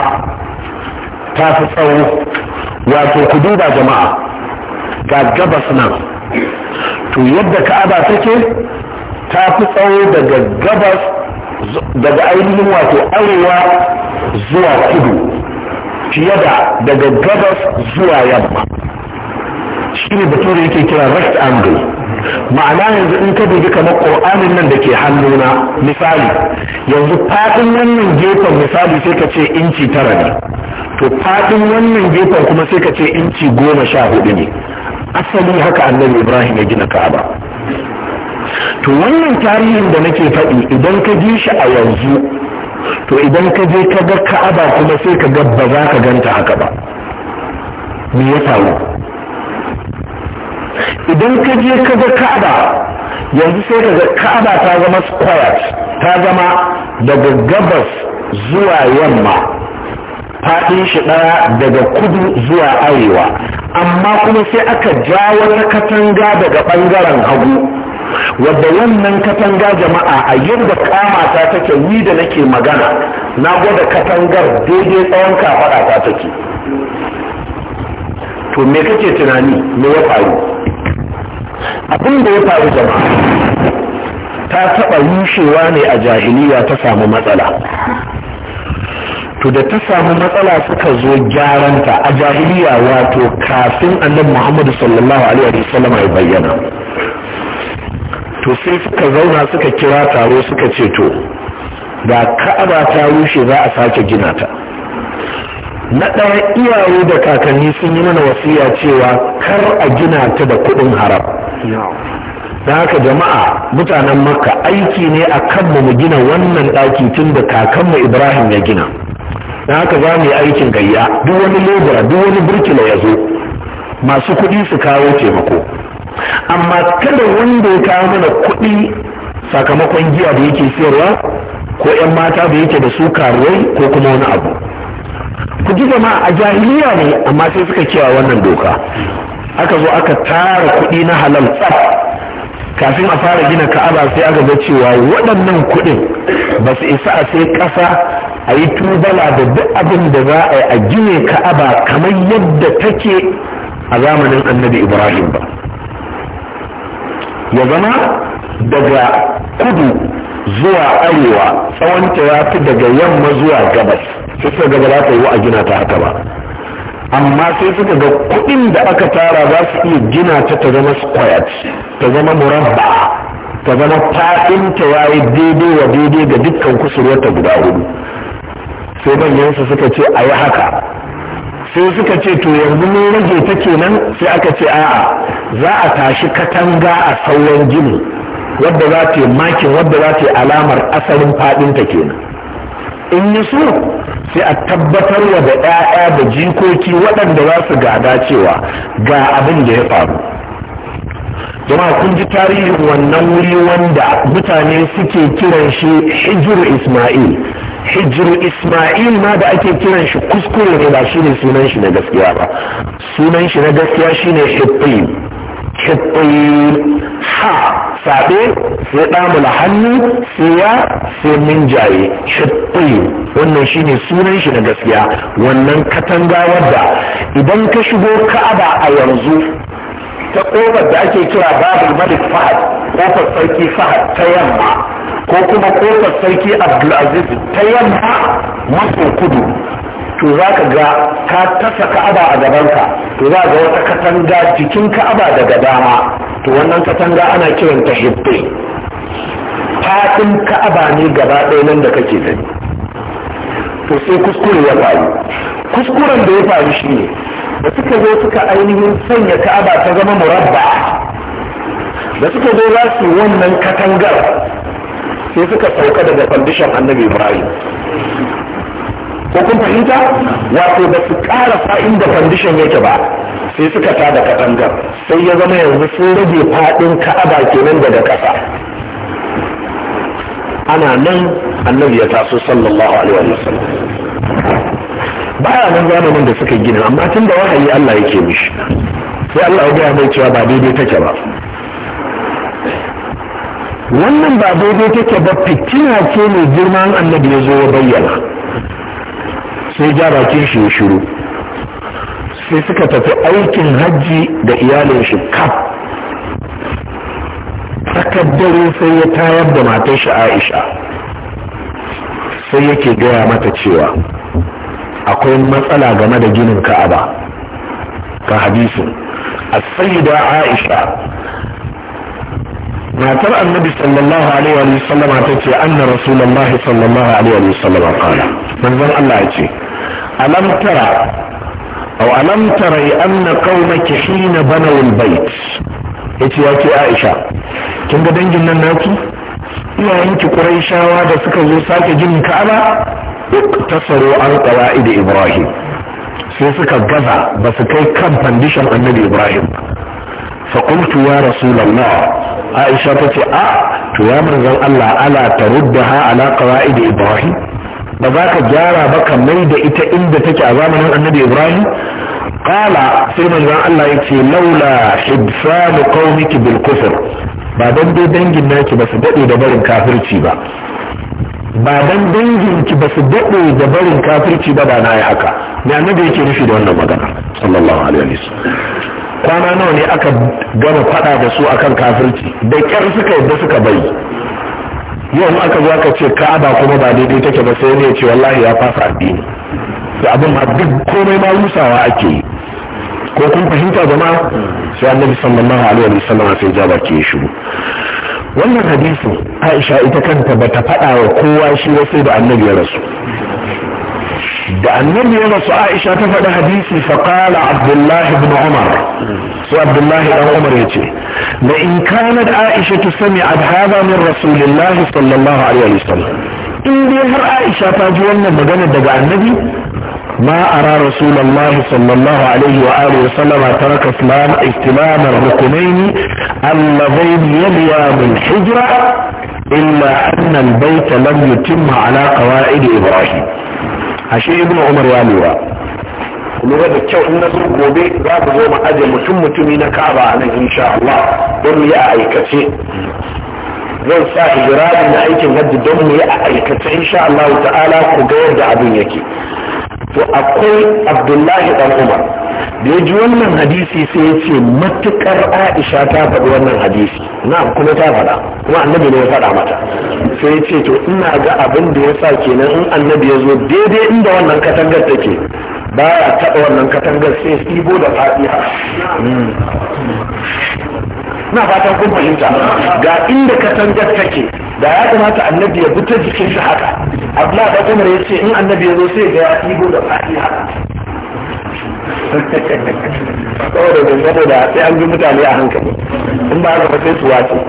ta fi tsawo wato ku duba jama'a ga gabas nan to yadda ka'aba take ta fi tsawo daga gabas daga ainihin wato arewa zuwa kudu fiye da daga gabas zuwa yamma shi ne bature yake kira rest angle ma'ana yanzu in ka dubi kamar ƙur'anin nan da ke hannuna misali yanzu faɗin wannan gefen misali sai ka ce inci tara ne to faɗin wannan gefen kuma sai ka ce inci goma sha hudu ne asali haka annabi ibrahim ya gina ka'aba to wannan tarihin da nake faɗi idan ka ji shi a yanzu to idan ka je ka ga ka'aba kuma sai ka ga ba za ka ganta haka ba me ya faru idan ka je ka ga ka'aba yanzu sai ka ga ka'aba ta zama squares ta zama daga gabas zuwa yamma faɗin shi ɗaya daga kudu zuwa arewa amma kuma sai aka ja wata katanga daga ɓangaren hagu wadda wannan katanga jama'a a yadda kama ta take ni da nake magana na gwada katangar daidai tsawon kafaɗa ta take to me kake tunani me ya faru abin da ya faru jama'a ta taɓa rushewa ne a jahiliya ta samu matsala to da ta samu matsala suka zo gyaranta a jahiliya wato kafin annabi muhammadu sallallahu alaihi wasallam ya bayyana to sai suka zauna suka kira taro suka ce to da ka'aba ta rushe za a sake gina ta na ɗaya iyaye da kakanni sun yi mana wasiya cewa kar a gina ta da kuɗin haram da haka jama'a mutanen makka aiki ne a kanmu mu gina wannan ɗaki tun da kakanmu ibrahim ya gina da haka za mu yi aikin gayya duk wani lebura duk wani burkila ya zo masu kuɗi su kawo taimako amma kada wanda ya kawo mana kuɗi sakamakon giya da yake siyarwa ko 'yan mata da yake da su karuwai ko kuma wani abu ku ji jama'a a jahiliya ne amma sai suka kewa wannan doka aka zo aka tara kuɗi na halal tsaf kafin a fara gina ka'aba sai aka ga cewa waɗannan kuɗin ba su isa a sai ƙasa a yi tubala da duk abin da za a yi a gine ka'aba kamar yadda take a zamanin annabi ibrahim ba ya zama daga kudu zuwa arewa tsawonta ya fi daga yamma zuwa gabas sai suka gaba za ta yi wa a gina ta haka ba amma sai suka ga kuɗin da aka tara za su iya gina ta ta zama squat ta zama murabba ta zama fa'inta ya yi daidai wa daidai ga dukkan kusurwarta guda hudu sai manyansa suka ce a yi haka sai suka ce to yanzu mun rage ta kenan sai aka ce a'a za a tashi katanga a sauran gini wadda za ta yi makin wadda za ta yi alamar asalin ta kenan in yi so sai a tabbatar wa da 'ya'ya da jikoki waɗanda za su gada cewa ga abin da ya faru jama'a kun ji tarihin wannan wuri wanda mutane suke kiran shi hijir ismail hijiru isma'il ma da ake kiran shi kuskure ne ba shine sunan shi na gaskiya ba sunan shi na gaskiya shine hibbi hibbi ha saɓe sai ɗamula hannu sai ya sai minjaye hibbi wannan shine sunan shi na gaskiya wannan katanga wadda idan ka shigo ka'aba a yanzu ta ƙofar da ake kira babul malik fahad ƙofar sarki fahad ta yamma ko kuma kofar sarki abdulaziz ta yamma maso kudu to za ka ga ka tasa ka'aba a gabanka to za ga wata katanga jikin ka'aba daga dama to wannan katanga ana kiranta hibbe faɗin ka'aba ne gaba ɗaya nan da kake gani to sai kuskure ya faru kuskuren da ya faru shi ne da suka zo suka ainihin sanya ka'aba ta zama murabba da suka zo za su wannan katangar sai suka sauka daga fandishan annabi ibrahim ko kun fahimta wato ba su ƙara fa'in da fandishan yake ba sai suka ta da katangar sai ya zama yanzu sun rage faɗin ka'aba kenan daga ƙasa ana nan annabi ya taso sallallahu alaihi wa sallam baya nan zamanin da suka gina amma tun da wahayi Allah yake mishi sai Allah ya gaya mai cewa ba daidai take ba wannan ba daidai take ba fitina ce mai girman annabi ya zo wa bayyana sai ja bakin shi ya shiru sai suka tafi aikin hajji da iyalin shi kaf takaddare sai ya tayar da matar shi aisha sai yake gaya mata cewa akwai matsala game da ginin ka'aba ka hadisin السيدة Aisha. matar annabi sallallahu alaihi wa sallama ta ce anna rasulullahi sallallahu alaihi wa sallama qala manzon Allah ya ce alam tara aw alam tara anna qaumaki hina banaw albayt yace ya ce Aisha kin ga dangin nan naki iyayenki Qurayshawa da suka zo sake jin Ka'aba tasaru an qawaid Ibrahim sai suka gaza ba su kai kan fandishan annabi Ibrahim fa qultu ya rasulullah aisha ta ce a ah, to ya manzon Allah ala ha ala qawaid ibrahim ba za ka gyara ba ka mai da ita inda take a zamanin annabi ibrahim qala sai manzon Allah yace laula hibsan qaumiki bil kufur ba dan dai dangin naki ba su daɗe da barin kafirci ba ba dan danginki ba su daɗe da barin kafirci ba ba na yi haka me annabi yake nufi da wannan magana sallallahu alaihi wasallam kwana nawa ne aka gama fada da su akan kafirci da kyar suka yadda suka bai yau aka zo aka ce ka'aba kuma ba daidai take ba sai ne ya ce wallahi ya fasa addini da abin ma duk komai ma rusawa ake yi ko kun fahimta jama'a sai annabi sallallahu alaihi wa sallam sai ja baki shiru wannan hadisin Aisha ita kanta bata fada wa kowa shi ba sai da annabi ya rasu da annabi ya rasu aisha ta faɗi hadisi faƙala abdullahi bin umar su abdullahi dan umar ya ce na in kanat aisha ta sami adhaba min rasulillahi sallallahu alaihi wasallam in dai har aisha ta ji wannan magana daga annabi ما أرى رسول الله صلى الله عليه وآله وسلم ترك اسلام استلام الركنين اللذين يليا من حجرة إلا أن البيت لم يتم على قواعد إبراهيم ashe ibnu umar ya lura lura da kyau in na zo gobe za ku zo mu ajiye mutum mutumi na ka'aba a nan insha Allah don mu yi a aikace zan sa ijirabi na aikin hajji don mu yi a aikace insha Allah ta'ala ku ga yadda abin yake to akwai abdullahi dan umar da ya ji wannan hadisi sai ya ce matukar aisha ta faɗi wannan hadisi na kuma ta faɗa kuma annabi ne ya faɗa mata sai ya ce to ina ga abin da ya sa kenan in annabi ya zo daidai inda wannan katangar take ba ya taɓa wannan katangar sai ibo da fadiha hmm. na fatan kun fahimta ga inda katangar take da ya kamata annabi ya bi ta jikin shi haka abdullahi da kamar ya ce in annabi ya zo sai ga ya ibo da fadiha saboda da saboda sai an bi mutane a hankali in ba haka sai su wace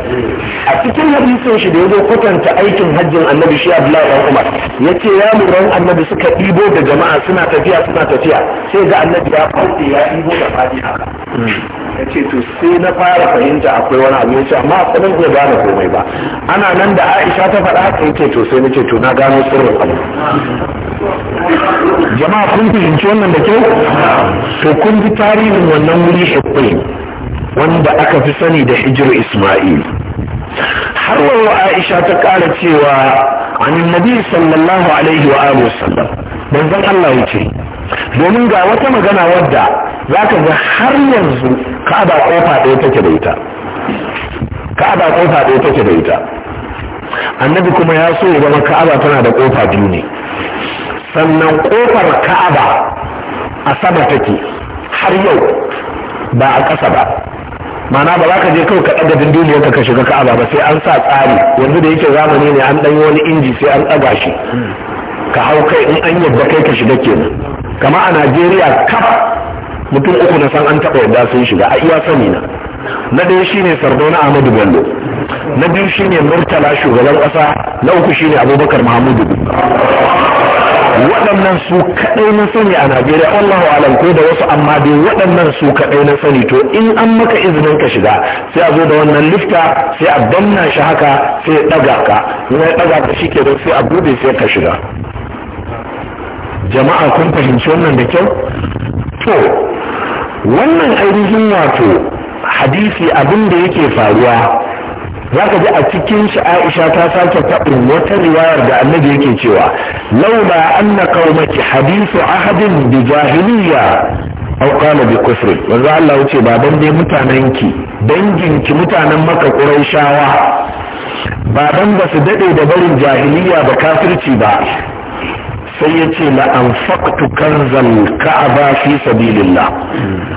a cikin hadisin shi da ya zo kwatanta aikin hajjin annabi shi abdullahi dan umar ya ce ya muran annabi suka ibo da jama'a suna tafiya suna tafiya sai ga annabi ya faɗi ya ibo da faɗi haka ya ce to sai na fara fahimta akwai wani abu ya amma a ban iya gane komai ba ana nan da aisha ta faɗa haka ya ce to sai na to na gano sirrin abu jama'a kun fahimci wannan da kyau to kun ji tarihin wannan wuri hibbin wanda aka fi sani da hijir isma'il har wa aisha ta ƙara cewa an nabi sallallahu alaihi wa alihi wasallam zan Allah wuce. domin ga wata magana wadda zaka ga har yanzu ka'aba kofa ɗaya take da ita ka'aba kofa ɗaya take da ita annabi kuma ya so ya zama ka'aba tana da kofa biyu ne sannan kofar ka'aba a sama take har yau ba a ƙasa ba mana ba za ka je kawai ka ɗaga dindiniyar ka shiga ka'aba ba sai an sa tsari yanzu da yake zamani ne an ɗanyi wani inji sai an ɗaga shi ka hau kai in an yadda kai ka shiga kenan kama a najeriya kaf mutum uku na san an taɓa yadda sun shiga a iya sani na na ɗaya shine sardauna ahmadu bello na biyu shine murtala shugaban ƙasa na uku shine abubakar mahamudu waɗannan su kaɗai na sani a najeriya wallahu alam ko da wasu amma dai waɗannan su kaɗai na sani to in an maka izinin ka shiga sai a zo da wannan lifta sai a danna shi haka sai ya ɗaga ka in ya ɗaga ka shi ke sai a bude sai ka shiga jama'a kun fahimci wannan da kyau to wannan ainihin wato hadisi abin da yake faruwa za ka ji a cikin shi aisha ta sake faɗin wata riwayar da annabi yake cewa laula anna qaumaki hadithu ahadin bi jahiliya aw qala bi kufri manzo Allah yace ce baban dai mutanen danginki dangin ki mutanen maka quraishawa baban dan ba su dade da barin jahiliya ba kafirci ba sai ya ce la anfaqtu kanzal ka'aba fi sabilillah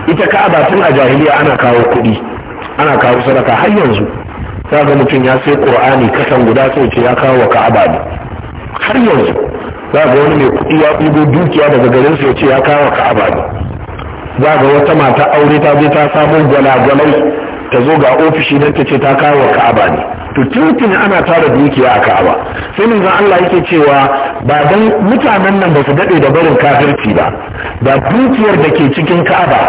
ita ka'aba tun a jahiliya ana kawo kuɗi ana kawo sadaka har yanzu za ga mutum ya sai qur'ani kasan guda sai ce ya kawo wa ka'aba ne har yanzu za ga wani mai kuɗi ya ɗigo dukiya daga garin sai ce ya kawo wa ka'aba ne za ga wata mata aure ta je ta samu gwalagwalai ta zo ga ofishi nan ta ce ta kawo ka'aba ne to tuntun ana tara dukiya a ka'aba sai mun Allah yake cewa ba dan mutanen nan ba su dade da barin kafirci ba da dukiyar da ke cikin ka'aba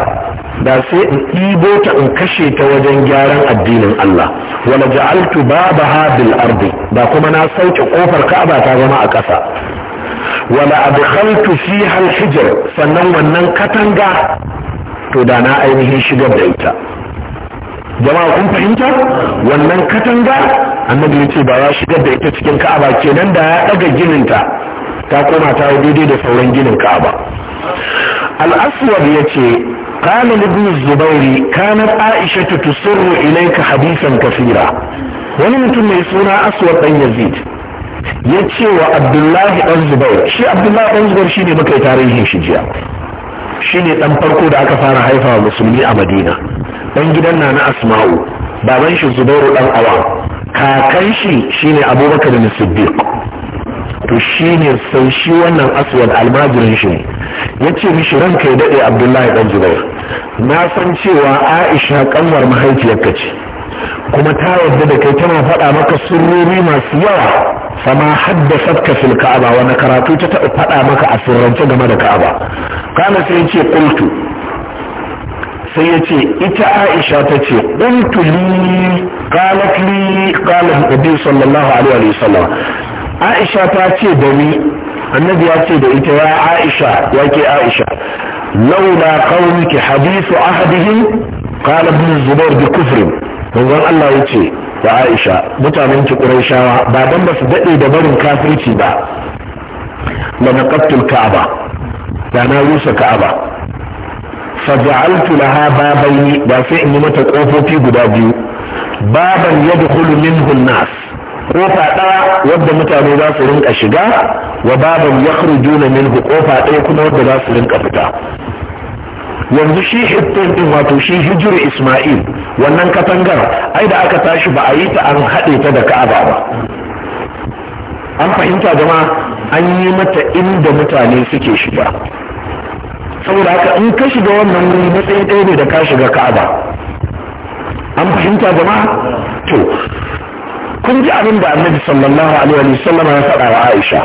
da sai in ɗibo ta in kashe ta wajen gyaran addinin Allah wala ja'altu babaha bil ardi da kuma na sauke kofar ka'aba ta zama a ƙasa wala adkhaltu fiha al hijr sannan wannan katanga to da na ainihin shigar da ita jama'a kun fahimta wannan katanga annabi ya ce ba za shigar da ita cikin ka'aba kenan da ya daga gininta ta koma ta daidai da sauran ginin ka'aba al'aswar ya ce kana libin zubairi kana aisha ta tusurru ilaika hadisan kafira wani mutum mai suna aswar dan yazid ya ce wa abdullahi dan zubair shi abdullahi dan zubair shine muka yi tarihin shi jiya shine dan farko da aka fara haifa musulmi a madina dan gidan na na asma'u baban shi zubairu dan awa kakan shi shine abubakar da siddiq to shine sai shi wannan aswad almajirin shi ya ce mishi ranka ya daɗe abdullahi dan zubair na san cewa aisha kanwar mahaifiyarka ce kuma ta yarda da kai tana faɗa maka sirrori masu yawa fama haddasa ka fil ka'aba karatu ta taɓa faɗa maka a sirrance game da ka'aba kana sai ce kultu sai ya ce ita aisha ta ce ƙuntu li qalat li qala sallallahu alaihi wa sallam aisha ta ce da ni annabi ya ce da ita ya aisha ya ke aisha launa qaumiki hadithu ahadihim qala ibn zubair bi kufrin manzon Allah ya ce da aisha mutanen ki qurayshawa ba dan ba su daɗe da barin kafirci ba la naqatul ka'aba da na rusa ka'aba faja'altu laha babaini ba sai in yi mata kofofi guda biyu baban yadkhulu minhu an-nas kofa wadda mutane za su rinka shiga wa baban yakhrujuna minhu kofa ɗaya kuma wadda za su rinka fita yanzu shi hittin din wato shi hijiru isma'il wannan katangar ai da aka tashi ba a yi ta an haɗe ta da ka'aba ba an fahimta jama'a an yi mata inda mutane suke shiga saboda haka in ka shiga wannan wuri matsayi ɗaya ne da ka shiga ka'aba an fahimta jama'a to kun ji abin da annabi sallallahu alaihi wa sallama ya faɗa wa aisha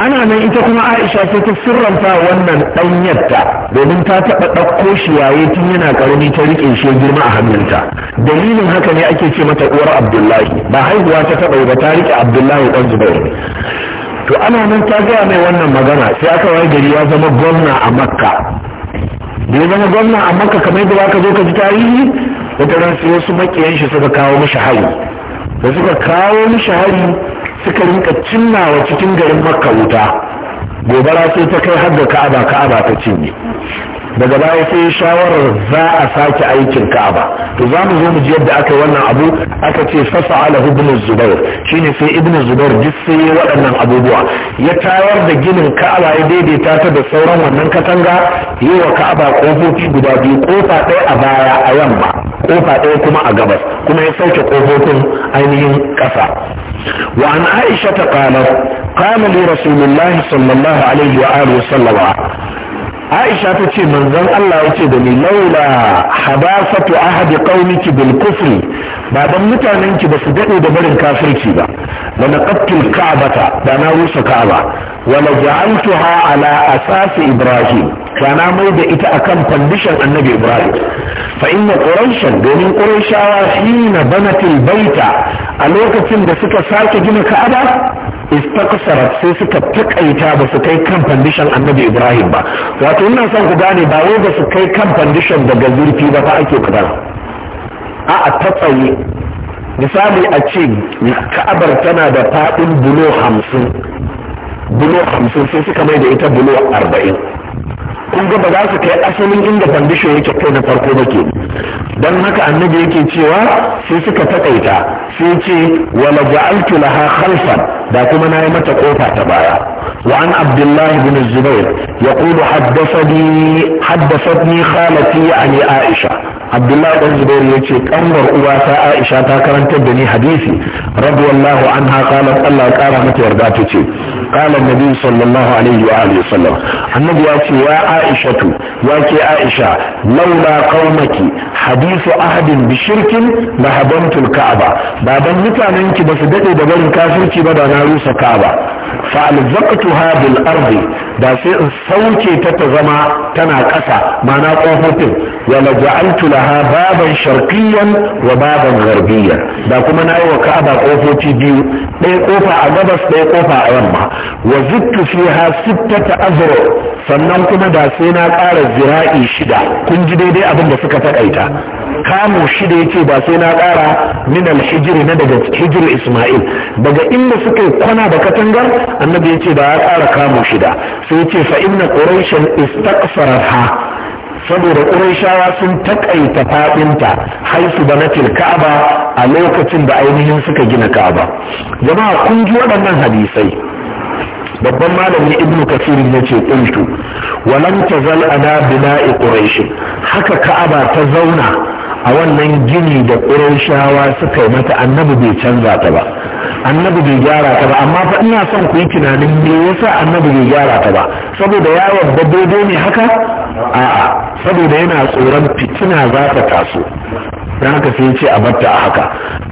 ana nan ita kuma aisha ce ta sirranta wannan ɗanyarta domin ta taɓa ɗauko shi yaye tun yana ƙarami ta riƙe shi girma a hannunta dalilin haka ne ake ce mata uwar abdullahi ba haihuwa ta taɓa ba ta riƙe abdullahi ɗan zubairu to ana nan ta gaya mai wannan magana sai aka waye gari ya zama gwamna a makka da zama gwamna a makka kamar yadda ka zo ka ji tarihi wata ran sai wasu makiyan shi suka kawo mishi hari da suka kawo mishi hari suka rinka cinnawa cikin garin makka wuta gobara sai ta kai har da ka'aba ka'aba ta cinye daga baya sai shawarar za a sake aikin ka'aba to za mu zo mu ji yadda aka yi wannan abu aka ce fasa ala ibn zubair shine sai ibn zubair duk sai ya waɗannan abubuwa ya tayar da ginin ka'aba ya daidaita ta da sauran wannan katanga yi wa ka'aba kofofi guda biyu kofa ɗaya a baya a yamma kofa ɗaya kuma a gabas kuma ya sauke kofofin ainihin ƙasa wa an aisha ta qalat qala li rasulillahi sallallahu alaihi wa alihi aisha ta ce manzon Allah ya ce da ni laula hadasatu ahadi qaumiki bil kufri ba dan mutanen ki ba su dade da barin kafirci ba la naqabtu ka'bata da na rusa ka'aba wa la ja'altuha ala asas ibrahim da na mai da ita akan condition annabi ibrahim fa inna quraishan domin quraishawa hina bana baita a lokacin da suka sake gina ka'aba istaqsarat sai suka takaita ba su kai kan condition annabi ibrahim ba wato ina son ku gane ba wai ba su kai kan fandishon daga zurfi ba fa ake magana a a ta tsaye misali a ce ka'abar tana da faɗin bulo hamsin bulo hamsin sai suka mai da ita bulo arba'in kun ga ba za su kai asalin inda kwandishin yake kai na farko ba ke don haka annabi yake cewa sai suka takaita sai ce wala ja'altu laha khalfan da kuma na yi mata kofa ta baya wa an abdullahi bin zubair yaqulu haddathani haddathatni khalati ani aisha abdullahi ɗan zubairu ya ce ƙanwar uwa ta aisha ta karantar da ni hadisi radiyallahu anha qalat Allah ya mata yarda ta ce qala nabi sallallahu alaihi wa alihi wasallam annabi ya ce ya aisha tu ya ke aisha laula qaumaki hadisu ahadin bi shirkin la habantul ka'aba ba dan mutanen ki ba su dade da barin kafirci ba da na rusa ka'aba fa'alzaqtuha bil ardi da sai in sauke ta ta zama tana ƙasa ma'ana ƙofofin, wala ja'altu laha baban sharqiyyan wa baban gharbiyyan da kuma na yi wa ka'aba kofofi biyu ɗaya ƙofa a gabas ɗaya ƙofa a yamma wa zittu fiha sittata azra sannan kuma da sai na ƙara zira'i shida kun ji daidai abin da suka taƙaita kamu shida yake ba sai na ƙara min alhijiri na daga hijir isma'il daga inda suka kwana da katangar annabi yace ba ya ƙara kamu shida sai yace fa inna quraishan istaqsaraha saboda ƙuraishawa sun takaita faɗinta haisu na natil ka'aba a lokacin da ainihin suka gina ka'aba jama'a kun ji waɗannan hadisai babban malami ibnu kasirin ya ce ƙuntu walam ta ana bina'i ƙuraishin haka ka'aba ta zauna a wannan gini da ƙurashawa suka yi mata annabi bai canza ta ba annabi bai gyara ta ba amma fa ina son ku yi tunanin me yasa annabi bai gyara ta ba saboda ya yarda ne haka a'a saboda yana tsoron fitina za ta taso dan haka sai ce a batta a haka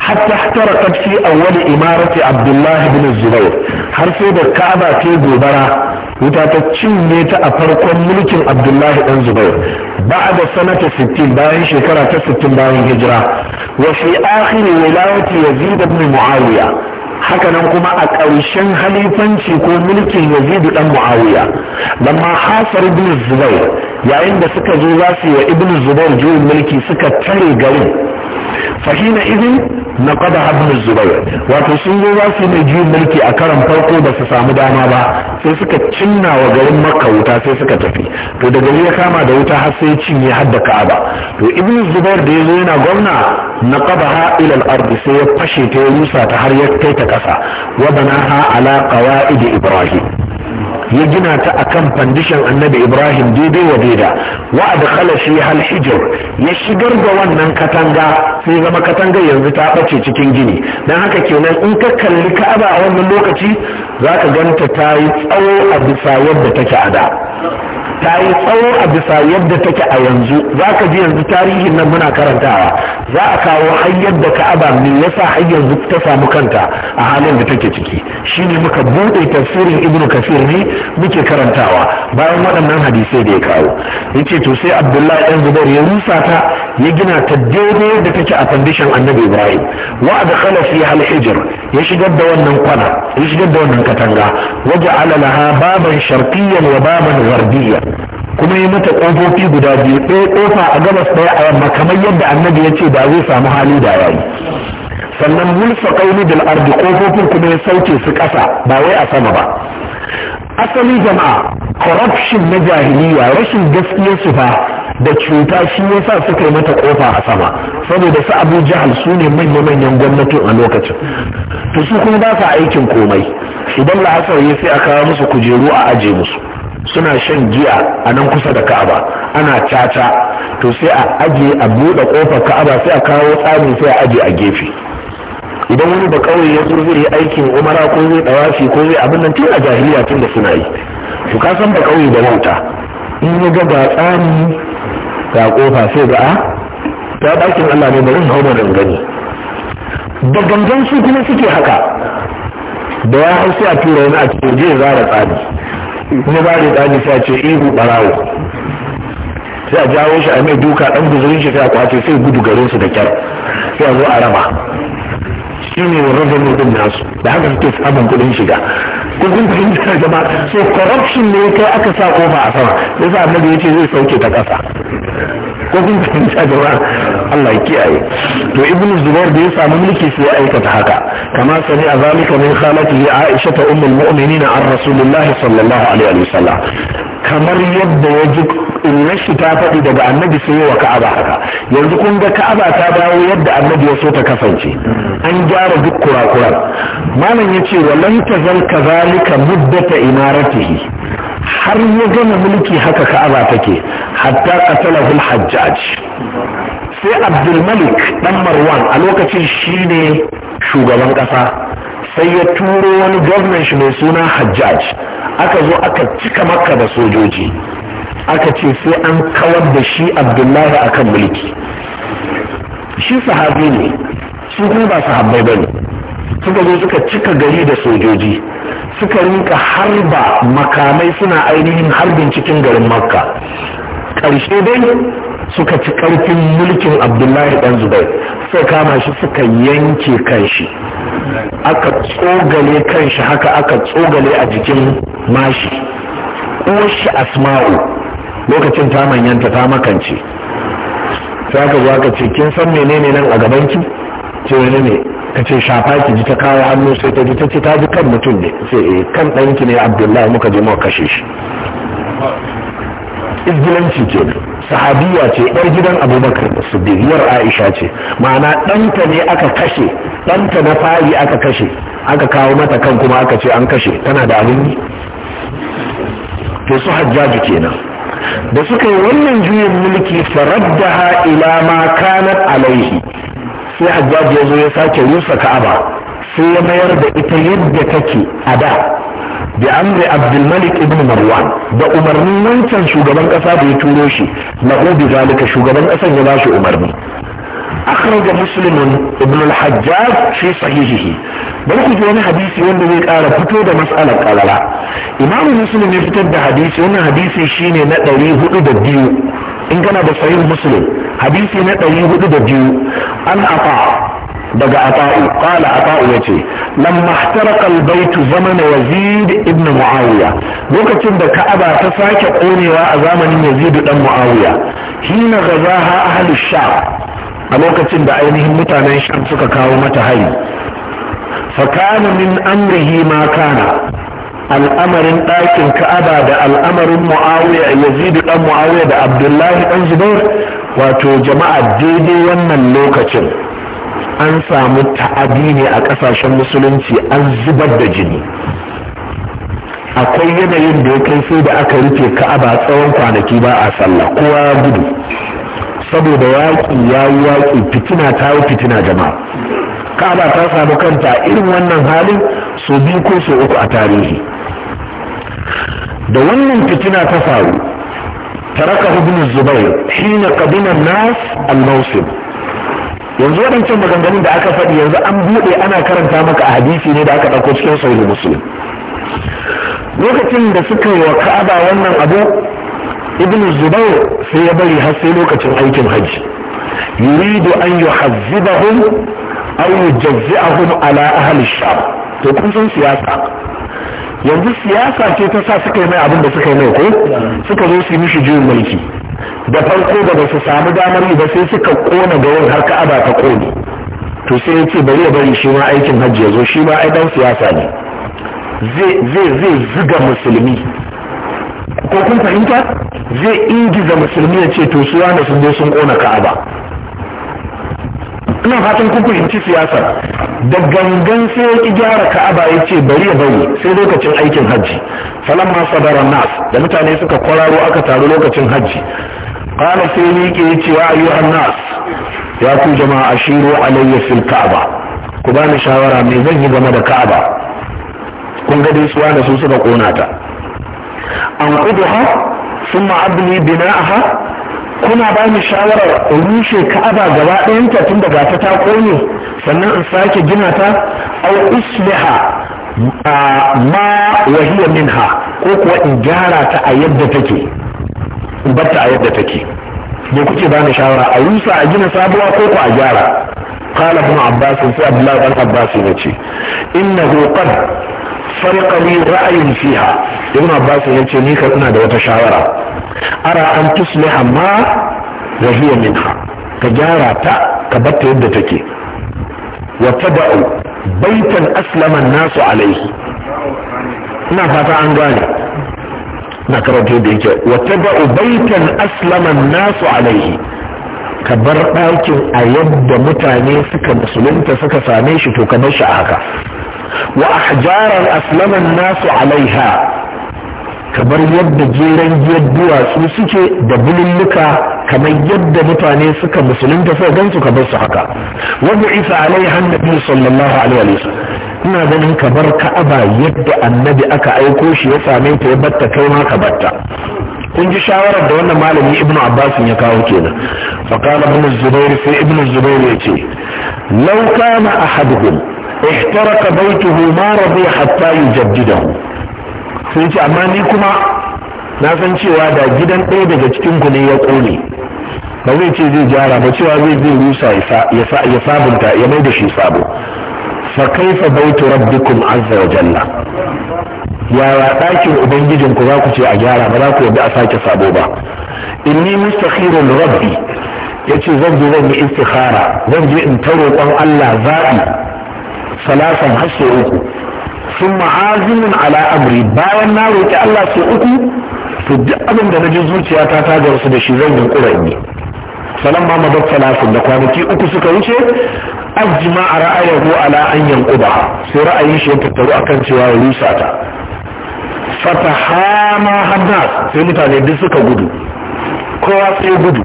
hatta tarakat fi awwal imarati abdullah ibn zubair har sai da ka'aba ta gobara wuta ta cinye ta a farkon mulkin abdullah dan zubair ba'da sanata 60 bayan shekara ta 60 bayan hijira wa fi akhir wilayati yazid ibn muawiya hakanan kuma a ƙarshen halifanci ko mulkin yazidu dan muawiya lamma hasar ibn zubair yayin da suka zo za su yi wa ibn zubair juyin mulki suka tare garin fahina izin na kwada habin wato sun zo za su mai juyin mulki a karan farko ba su samu dama ba sai suka cinna wa garin makka wuta sai suka tafi to da gari ya kama da wuta har sai cinye har da ka'aba to ibn zubair da ya zo yana gwamna na kwada ha ilal sai ya fashe ta ya rusa ta har ya kai ta kasa wa ha ala qawaid ibrahim ya gina ta akan fandishan annabi ibrahim daidai wa daida wa adkhala shi hal hijir ya shigar da wannan katanga sai zama katanga yanzu ta bace cikin gini dan haka kenan in ka kalli ka'aba a wannan lokaci zaka ganta ta yi tsawo a bisa yadda take a da ta yi tsawo a bisa yadda take a yanzu za ka ji yanzu tarihin nan muna karantawa za a kawo har da ka'aba me yasa har yanzu ta samu kanta a halin da take ciki shine muka buɗe tafsirin ibnu kafir ne muke karantawa bayan waɗannan hadisai da ya kawo yace to sai abdullahi dan zubair ya rusa ta ya gina ta daidai da take a foundation annabi ibrahim wa adkhala fiha al-hijr ya shigar da wannan kwana ya shigar da wannan katanga waje alalaha baban sharqiyyan wa baban gharbiyyan kuma yi mata ƙofofi guda biyu ɗaya ƙofa a gabas ɗaya a yamma kamar yadda annabi ya ce da zai samu hali da yayi sannan mulsa ƙauni da ardi ƙofofin kuma ya sauke su ƙasa ba wai a sama ba asali jama'a corruption na jahiliya rashin gaskiyar su fa da cuta shi ya sa suka yi mata ƙofa a sama saboda su abu jahal su ne manya-manyan gwamnatin a lokacin to su kuma ba sa aikin komai idan la'asar ya sai a kawo musu kujeru a aje musu suna shan giya a nan kusa da ka'aba ana caca to sai a aje a buɗe ƙofar ka'aba sai a kawo tsami sai a aje a gefe idan wani da ƙauye ya zo yi aikin umara ko zai ɗawafi ko zai abin nan tun a jahiliya tun da suna yi to ka san ba ƙauye da wauta in ya ga ga tsami ga ƙofa sai ga a ah, ta ɗakin Allah ne bari hau da gani da gangan su kuma suke haka da ya hau sai a tura wani a cikin zai zara tsami kuma ba da dani sai ce ihu barawo sai a jawo shi a mai duka dan guzurin shi sai a kwace sai gudu garin su da kyar sai a zo a raba shi ne rubin din nasu da haka suke samun kudin shiga ko kun fahimta jama'a so corruption ne kai aka sa kofa a sama yasa annabi ce zai sauke ta kasa ko kun fahimta jama'a Allah ya kiyaye to ibnu zubair da ya samu mulki sai ya aikata haka kama sani a zalika min khalatihi aisha ta ummul mu'minin an rasulullahi sallallahu alaihi wasallam kamar yadda ya ji innar shi ta faɗi daga annabi sai wa ka'aba haka yanzu kun ga ka'aba ta dawo yadda annabi ya so ta kasance an gyara duk kurakuran malam ya ce walan tazal kazalika muddata imaratihi har ya gama mulki haka ka'aba take hatta qatalahu hajjaj sai abdulmalik dan marwan a lokacin shine shugaban kasa sai ya turo wani gwamnan shi mai suna hajjaj aka zo aka cika makka da sojoji aka ce sai an kawar da shi abdullahi a kan mulki shi sahabi ne su kuma ba sahabbai ba ne suka zo suka cika gari da sojoji suka rinka harba makamai suna ainihin harbin cikin garin makka ƙarshe dai suka ci ƙarfin mulkin abdullahi ɗan zubai suka kama shi suka yanke kanshi aka tsogale kanshi haka aka tsogale a jikin mashi shi asma'u lokacin ta manyanta ta makance sai aka zo ka ce kin san menene nan a gabanki ce wani ne ka ce shafa ki ji ta kawo hannu sai ta ji ta ce ta ji kan mutum ne sai eh kan ɗanki ne abdullahi muka je muka kashe shi izgilanci ke sahabiya ce yar gidan abubakar da su biyar aisha ce ma'ana ɗanta ne aka kashe ɗanta na fari aka kashe aka kawo mata kan kuma aka ce an kashe tana da abin yi to su hajjaji kenan da suka yi wannan juyin mulki faraddaha ila ma kanat alaihi sai hajjaji ya zo ya sake rusa ka'aba sai ya mayar da ita yadda take a da da amri abdulmalik ibn marwan da umarnin wancan shugaban kasa da ya turo shi na ubi zalika shugaban kasan ya bashi umarni أخرج Ibn al-Hajjaj shi sahihihi. bari ku ji wani hadisi wanda zai ƙara fito da matsalar ƙarara imamu muslim ya fitar da hadisi wannan hadisi shine na ɗari hudu da biyu in kana da sahih muslim hadisi na ɗari hudu da biyu an afa daga ata'u qala ata'u yace lamma ihtaraka albayt zaman yazid ibn muawiya lokacin da ka'aba ta sake konewa a zamanin yazid dan muawiya hina a ahli sham a lokacin da ainihin mutanen sham suka kawo mata hari fakana min amrihi ma kana al'amarin ɗakin ka'aba da al'amarin mu'awiya yazid dan mu'awiya da abdullahi dan wato jama'a daidai wannan lokacin an samu ta'adi ne a ƙasashen musulunci an zubar da jini akwai yanayin da sai da aka rufe ka'aba tsawon kwanaki ba a sallah kowa gudu saboda yaƙi ya yi yaƙi fitina ta yi fitina jama'a ka'aba ta samu kanta irin wannan halin so biyu ko so uku a tarihi da wannan fitina ta faru taraka ibn zubair shine qadima nas al-mawsim yanzu waɗancan maganganun da aka faɗi yanzu an buɗe ana karanta maka a hadisi ne da aka ɗauko cikin sahih muslim lokacin da suka yi wa ka'aba wannan abu ibn zubair sai ya bari har sai lokacin aikin hajji yuridu an yuhazzibahum aw yujazzi'ahum ala ahli sham to kun san siyasa yanzu siyasa ce ta sa suka yi mai abin da suka yi mai ko suka zo su yi mishi juyin mulki da farko da ba su samu damar yi ba sai suka kona garin har aba ta kone to sai ya ce bari ya bari shi ma aikin hajji ya zo shi ma ai dan siyasa ne zai zai zai ziga musulmi ko kun fahimta zai ingiza musulmi ya ce to su yana sun je sun kona ka'aba ina fatan kun fahimci siyasar da gangan sai ya ki gyara ka'aba ya ce bari ya bari sai lokacin aikin hajji falan ma sadara nas da mutane suka kwararo aka taru lokacin hajji qala sai ni ke ce ya ayyuhan nas ya ku jama'a ashiru alayya ka'aba ku bani shawara me zan yi game da ka'aba kun ga dai suwa da su suka kona ta an kuduha sun ma'abni bina'aha kuna ba ni shawarar rushe ka'aba gaba ɗayanta tun daga ta ta kone sannan in sake gina ta au isliha ma wahiya minha ko kuwa in gyara ta a yadda take in a yadda take me kuke ba ni shawara a rusa a gina sabuwa ko ko a gyara qala ibn abbas sai abdullah ibn abbas ya ce innahu qad falqali ra'ayin fiha ibn abbas ya ce ni ka ina da wata shawara ara an tusliha ma wa hiya minha ka gyara ta ka batta yadda take wa tada'u baitan aslama nasu alaihi ina fata an gane na karanta yadda yake wa tada'u baitan aslama nasu alaihi ka bar ɗakin a yadda mutane suka musulunta suka same shi to ka bar shi a haka wa ahjaran aslaman nasu alaiha kamar yadda jeren giyar duwatsu suke da bululluka kamar yadda mutane suka musulunta sai gansu su kamar su haka wanda isa alaiha nabi sallallahu alaihi wa ina ganin kamar ka'aba yadda annabi aka aiko shi ya same ta ya batta kai ma ka batta kun ji shawarar da wannan malami ibnu abbas ya kawo kenan fa qala ibnu zubair sai ibnu zubair yace law kana ahaduhum ihtaraka baituhu ma radi hatta yujaddidahu sai ce amma ni kuma na san cewa da gidan ɗaya daga cikin ku ne ya ƙone ba zai ce zai gyara ba cewa zai zai rusa ya sabunta ya mai da shi sabo fa kaifa baitu rabbikum azza wa jalla yaya ɗakin ubangijin ku za ku ce a gyara ba za ku yadda a sake sabo ba inni mustakhirun rabbi yace zan je zan yi istikhara zan je in ta roƙon Allah zaɓi salasan har uku sun ma'azimin ala amri bayan na roƙi Allah sai uku to duk abin da na ji zuciya ta tagar su da shi zan yi ƙura ne salam ma mabar salasin da kwanaki uku suka wuce ajima a ra'ayahu ala an yankuba sai ra'ayin shi ya tattaru akan cewa ya rusa ta fatahama hannas sai mutane duk suka gudu kowa sai gudu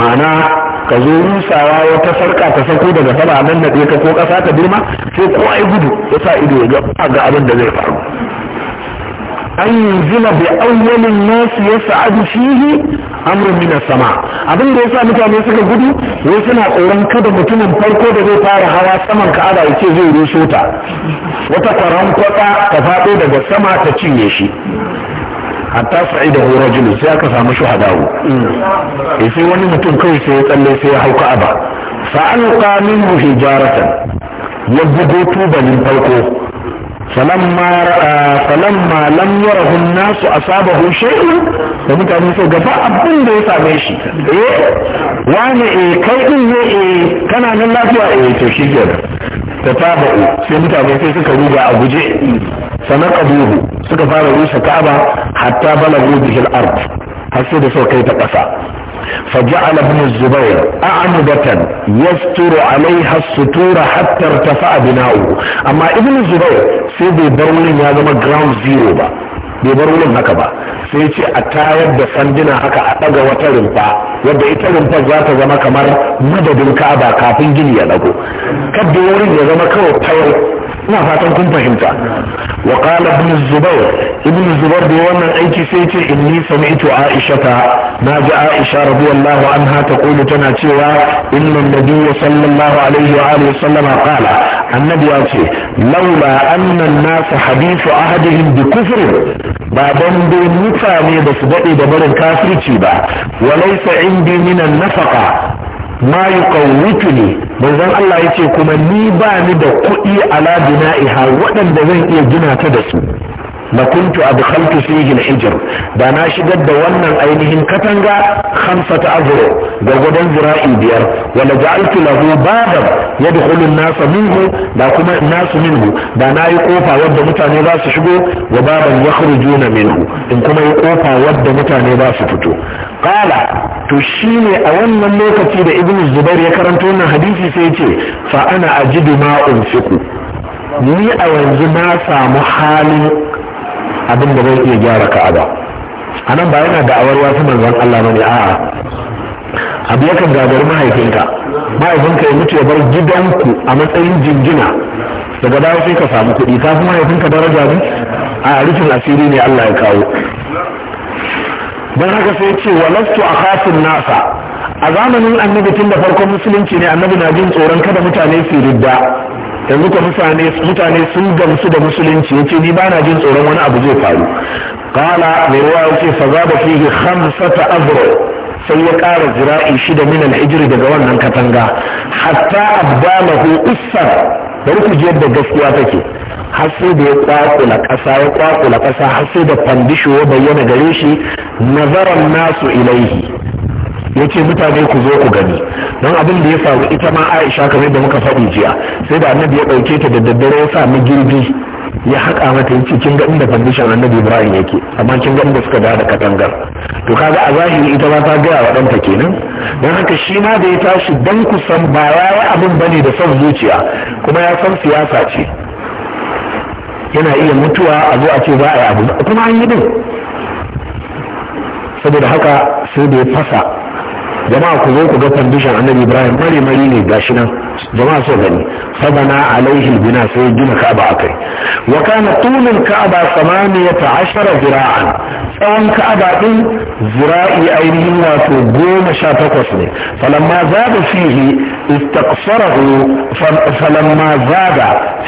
ma'ana ka zo rusawa wata sarka ta sako daga sama nan da ka ko ƙasa ta girma sai kowa ya gudu ya sa ido ya ga abin da zai faru an yi yunzila bi awwalin nasu ya yas'adu shi amurin mina sama abin da ya sa mutane suka gudu wai suna tsoron kada mutumin farko da zai fara hawa saman ka ya ce zai ruso ta wata kwaran kwata ta faɗo daga sama ta cinye shi hatta sa'ida hu rajulu sai aka samu shuhadahu eh sai wani mutum kawai sai ya tsalle sai ya hauka ka'aba fa alqa minhu hijaratan ya bugo tubalin farko فلما رأى فلما لم يره الناس أصابه شيء da mutane sai gaba abin da ya same shi eh wani eh kai din ne eh kana nan lafiya eh to shi kenan ta taba'u sai mutane sai suka buga a guje sanar kaburu suka fara rushe kaba hatta bala rubi har sai da sau kai ta ƙasa faji alabin zubai a amudatan ya suturo a mai hasutura hattar tafi abinau amma ibn zubai sai bai bar wurin ya zama ground zero ba bai bar wurin haka ba sai ce a tayar da sanduna haka a ɗaga wata rumfa wadda ita rumfar za ta zama kamar madadin ka'aba kafin gini ya ɗago kadda wurin ya zama kawai fayau ina fatan kun fahimta wa qala ibn zubair ibn zubair wannan aiki sai ce inni sami'tu aisha ta naji aisha radiyallahu anha taqulu tana cewa inna nabiyya sallallahu alaihi wa alihi sallama qala annabi ya ce laula anna an-nas hadithu ahadihim bi kufr ba dan dai mutane ba su dade da barin kafirci ba wa laysa indi min an-nafaqa ma yi kawutu ne manzon Allah ya ce kuma ni ba ni da kuɗi ala bina'iha waɗanda zan iya gina ta da su la kuntu adkhaltu fihi al-hijr da na shigar da wannan ainihin katanga khamsata azro gwagwadon zira'i biyar wala ja'altu lahu baban yadkhulu an-nas minhu da kuma an-nas minhu da na yi kofa wadda mutane za su shigo wa baban yakhrujuna minhu in kuma yi kofa wadda mutane za su fito Ƙala to ne a wannan lokaci da ibnu zubair ya karanto wannan hadisi sai ya ce fa ana ajidu ma unfiqu ni a yanzu na samu halin abin da zai iya gyara ka'aba a nan ba yana da awarwa su manzon Allah bane a'a abu yakan gagari mahaifinka mahaifinka ya mutu ya bar gidanku a matsayin jinjina. daga baya sai ka samu kuɗi ka fi mahaifinka daraja ne a rufin asiri ne Allah ya kawo don haka sai ce walastu a kafin nasa a zamanin annabi tun da farkon musulunci ne annabi na jin tsoron kada mutane su ridda yanzu ko mutane mutane sun gamsu da musulunci yace ni bana jin tsoron wani abu zai faru qala mai ruwa yace fa zaba fihi khamsata azra sai ya ƙara zira'i shida min al daga wannan katanga hatta abdalahu ussar da ku ji da gaskiya take har sai da ya kwakula ƙasa ya kwakula ƙasa har sai da fandisho ya bayyana gare shi nazaran nasu ilaihi ya ce mutane ku zo ku gani don abin da ya faru ita ma aisha kamar da muka faɗi jiya sai da annabi ya ɗauke ta da daddare ya sa girbi ya haƙa mata yace kin ga inda fandishan annabi ibrahim yake amma kin ga inda suka da da katangar to kaga a zahiri ita ma ta gaya wa ɗanta kenan don haka shi ma da ya tashi ku san ba ya yi abin ne da son zuciya kuma ya san siyasa ce yana iya mutuwa a zo a ce za a yi abu kuma an yi din saboda haka sai da ya fasa jama'a ku zo ku ga fandishin annabi ibrahim mare mari ne gashi nan جماعه سبني فبنى عليه البناء سيدنا كعبه عكري وكان طول الكعبه ثمانيه عشر ذراعا فهم كعبه ذرائي ايمن وتقوم شاتقصني فلما زاد فيه استقصره فلما زاد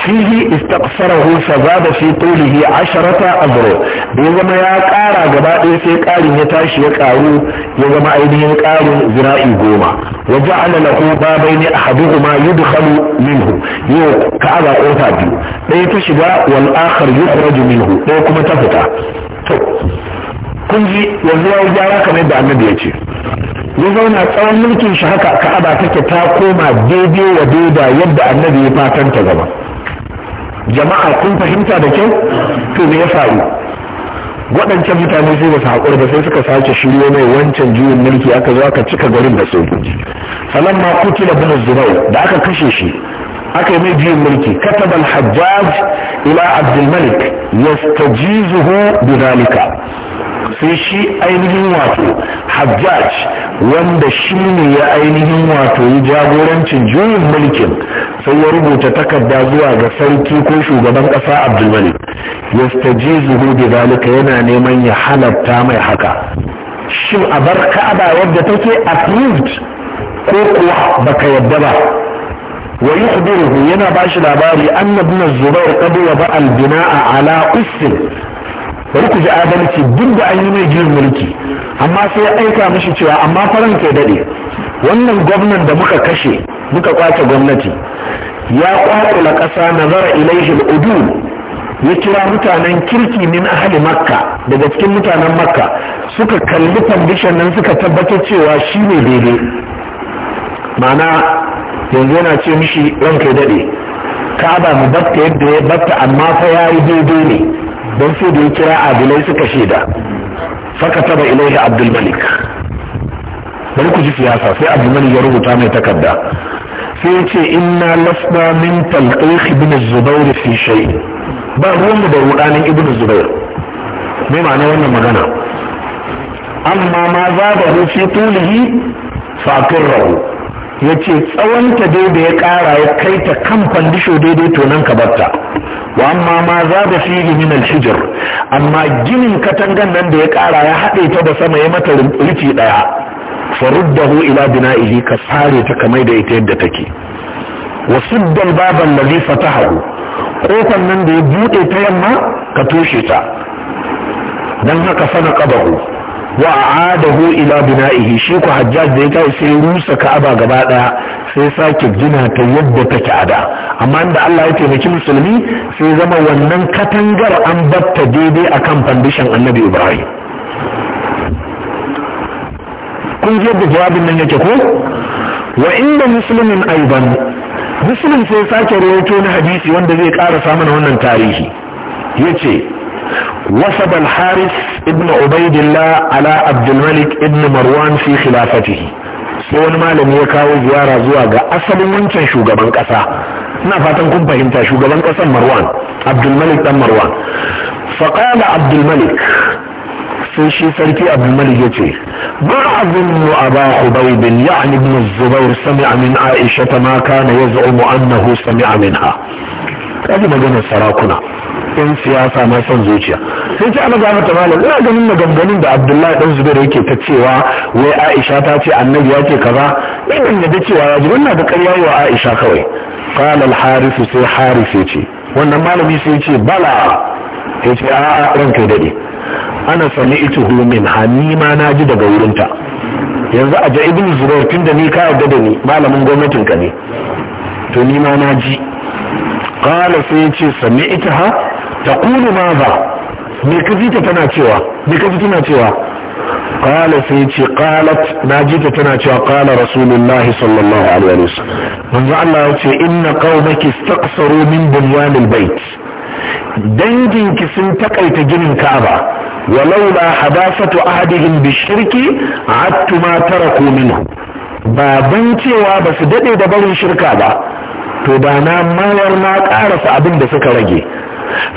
فيه استقصره فزاد في طوله عشرة أذرع بينما يا كارا جبائي في يتاشي كارو يا جماعة يا كارو ذرائي وجعل له بابين أحدهما yudkhalu minhu yau ka'aba kofa biyu ɗaya ta shiga wal akhar yukhraju minhu ɗaya kuma ta fita to kun ji yanzu ya gyara kamar yadda annabi ya ce ya zauna tsawon mulkin shi haka ka'aba take ta koma daidai wa daida yadda annabi ya fatan ta gaba jama'a kun fahimta da kyau to me ya faru waɗancan mutane sai ba su haƙura ba sai suka sake shiryo mai wancan juyin mulki aka zo aka cika garin da sojoji salam ma kutila bin zubai da aka kashe shi aka yi mai juyin mulki katabal hajjaj ila abdul malik yastajizuhu bidalika sai shi ainihin wato hajjaj wanda shi ne ya ainihin wato yi jagorancin juyin mulkin sai ya rubuta takarda zuwa ga sarki ko shugaban ƙasa abdulmalik yastajizuhu bi zalika yana neman ya halatta mai haka shin a bar ka'aba wadda take approved ko kuwa baka yadda ba ويخبره yana bashi labari أن ابن الزبير ba albina a ala أسر bari ku ji adalci duk da an yi mai juyin mulki amma sai ya aika mishi cewa amma faran ke daɗe wannan gwamnan da muka kashe muka kwace gwamnati ya kwakula ƙasa nazara ilaihi al'udu ya kira mutanen kirki min ahli makka daga cikin mutanen makka suka kalli fandishan nan suka tabbatar cewa shi ne daidai ma'ana yanzu yana ce mishi ranka daɗe Ka ba mu batta yadda ya batta amma fa ya yi daidai ne don sai da ya kira abulai suka shaida faka taba ilaihi abdul malik bari ku ji siyasa sai abdul malik ya rubuta mai takarda sai ya ce inna lasna min talqih ibn zubair fi shay ba ruwan da rudanin ibn zubair me ma'ana wannan magana amma ma za da rufi tulihi fa rahu ya ce tsawonta dai da ya ƙara ya kai ta kan fandisho daidai nan ka barta wa amma ma za da fi min alhijir amma ginin katangan nan da ya ƙara ya haɗe ta da sama ya mata rufi ɗaya faruddahu ila bina'ihi ka sare ta kamar da ita yadda take wa suddal baban ta fatahahu Ko nan da ya buɗe ta yamma ka toshe ta dan haka sana qabahu wa a'adahu ila bina'ihi shi ku hajjaj da ya kai sai rusa ka'aba gaba daya sai sake gina ta yadda take ada. da amma inda Allah ya taimaki musulmi sai zama wannan katangar an batta daidai akan fandishin annabi Ibrahim kun ji yadda jawabin nan yake ko wa inda muslimin aiban muslim sai sake rawaito na hadisi wanda zai ƙara samun wannan tarihi yace وسب الحارث ابن عبيد الله على عبد الملك ابن مروان في خلافته wani malami ya kawo ziyara zuwa ga asalin wancan shugaban ƙasa. ina fatan kun fahimta shugaban kasan marwan abdulmalik dan marwan faƙala abdulmalik sai shi sarki abdulmalik ya ce ma azunnu aba hubaibin ya'ni ibn zubair sami'a min aisha ta ma kana yaz'umu annahu sami'a minha kaji maganar sarakuna yan siyasa na son zuciya sai ce ana gafata malam ina ganin maganganun da abdullahi dan zubairu yake ta cewa wai aisha ta ce annabi ya ce kaza ni ban yadda cewa ya ji wannan da ƙarya wa aisha kawai qala al-harith sai harith ya ce wannan malami sai ya ce bala ya ce a'a ranka ya dade ana sami ita min hanima na ji daga wurinta yanzu a ibn zubair tun da ni ka yarda da ni malamin gwamnatin ka ne to ni ma na ji qala sai ya ce sami ita ha taqulu madha me kaji ta tana cewa me kaji tana cewa qala sai ce qalat naji ta tana cewa qala rasulullahi sallallahu alaihi wasallam manzo Allah ya ce inna qaumaki istaqsaru min bunyanil bait danginki sun takaita ginin Ka'aba walaula hadasatu ahadihim bishirki attu ma taraku minhu baban cewa ba su dade da barin shirka ba to da na mayar na karasa abin da suka rage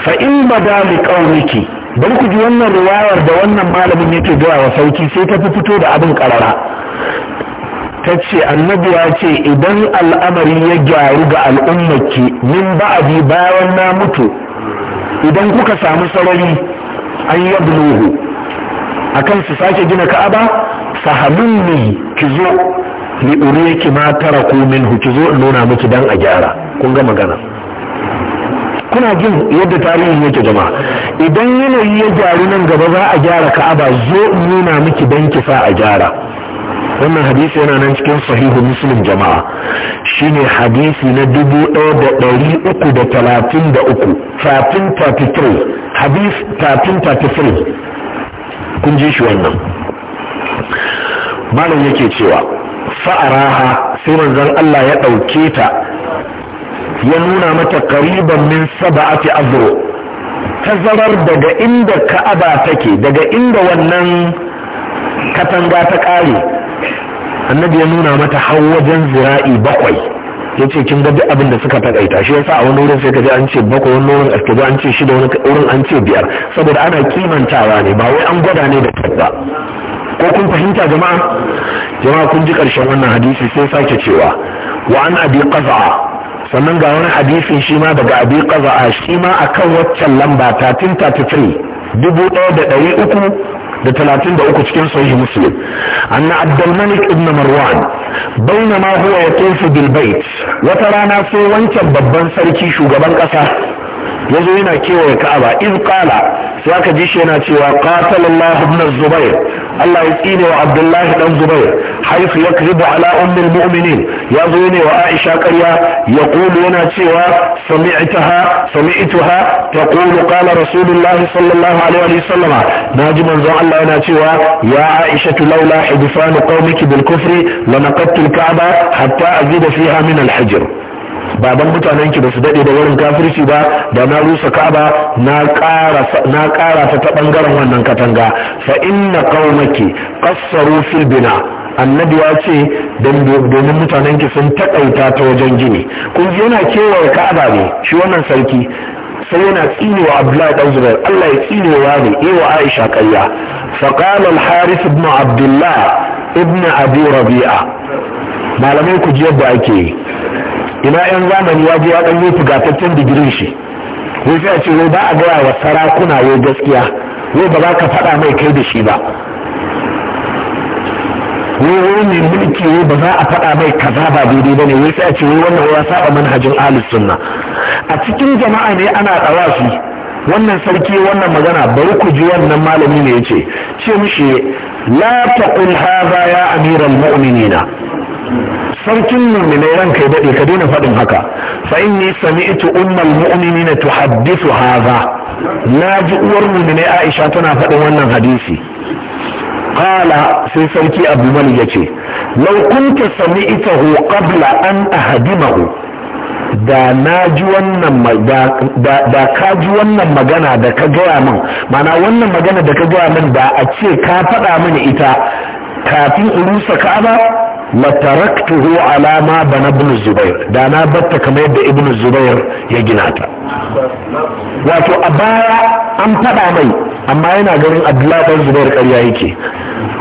fa in bada li qaumiki bari ku ji wannan riwayar da wannan malamin yake gaya wa sauki sai ta fi fito da abin ƙarara. ta ce annabi ya ce idan al'amari ya gyaru ga al’ummaki min bi bayan na mutu idan kuka samu sarari an a akan su sake gina ka'aba fahamin ne ki zo ure ki ma min minhu ki zo in nuna miki dan a gyara kun ga magana kuna jin yadda tarihi yake jama'a idan yanayi ya gyaru nan gaba za a gyara ka'aba zo in nuna miki dan kisa a gyara wannan hadisi yana nan cikin sahihu muslim jama'a shine hadisi na dubu ɗaya da ɗari uku da talatin da uku hadis kun ji shi wannan malam yake cewa fa'araha sai manzon Allah ya ɗauke ta ya nuna mata kariban min ake azro tazarar daga inda ka'aba take daga inda wannan katanga ta kare annabi ya nuna mata har wajen zira'i bakwai ya ce kin ga abin da suka takaita shi yasa a wani wurin sai ka ji an ce bakwai wani wurin aske ba an ce shida wani wurin an ce biyar saboda ana kimantawa ne ba wai an gwada ne da tabba ko kun fahimta jama'a jama'a kun ji karshen wannan hadisi sai sake cewa wa an abi qaza'a sannan ga wani hadisin shi ma daga abi a shi ma akan waccan lamba 1333 dubu ɗaya da ɗari uku da talatin da uku cikin sahih muslim anna ibn marwan bainama huwa yatufu bil bait wata rana sai wancan babban sarki shugaban kasa yazo yana kewaye ka'aba iz qala sai aka ji shi yana cewa qatalallahu ibn zubair الله يسقيني وعبد الله بن زبير حيث يكذب على أم المؤمنين يظيني وعائشة قرية يقول لنا سوى سمعتها سمعتها تقول قال رسول الله صلى الله عليه وسلم ناجم من زعل لنا سوى يا عائشة لولا حدفان قومك بالكفر لنقدت الكعبة حتى أزيد فيها من الحجر baban mutanen ki ba su dade da wurin kafirci ba da na rusa ka'aba na ƙara na ƙara ta ta bangaren wannan katanga fa inna qaumaki qassaru fil bina annabi ya ce domin mutanen ki sun takaita ta wajen gini kun yana kewaye ka'aba ne shi wannan sarki sai yana tsinewa abdullahi dan zubair allah ya tsinewa ne yi wa aisha karya faƙal al-haris ibn abdullah ibn abi rabi'a malamai ku ji yadda ake yi ina yan zamani ya je ya dan yi fugataccen digirin shi wai sai a ce wai ba a gaya wa sarakuna wai gaskiya wai ba za ka faɗa mai kai da shi ba wai wai mai mulki wai ba za a faɗa mai kaza ba daidai ba ne wai sai a ce wai wannan ya saba manhajin ahlus sunna a cikin jama'a ne ana su wannan sarki wannan magana bari ku ji wannan malami ne yace ce mishi la taqul hadha ya amiral mu'minina sarkin mu'minai ranka ya dade ka daina faɗin haka fa inni sami'tu ummul mu'minina tuhaddisu hadha na ji uwar mu'minai Aisha tana faɗin wannan hadisi qala sai sarki Abu Malik yace law kunta sami'tahu qabla an ahdimahu da na ji wannan da ka ji wannan magana da ka gaya min mana wannan magana da ka gaya min da a ce ka faɗa mini ita kafin in rusa ka'aba lataraktuhu ala ma bana ibn zubair da na batta kamar yadda ibn zubair ya gina ta wato a baya an faɗa mai amma yana ganin abdullahi dan zubair ƙarya yake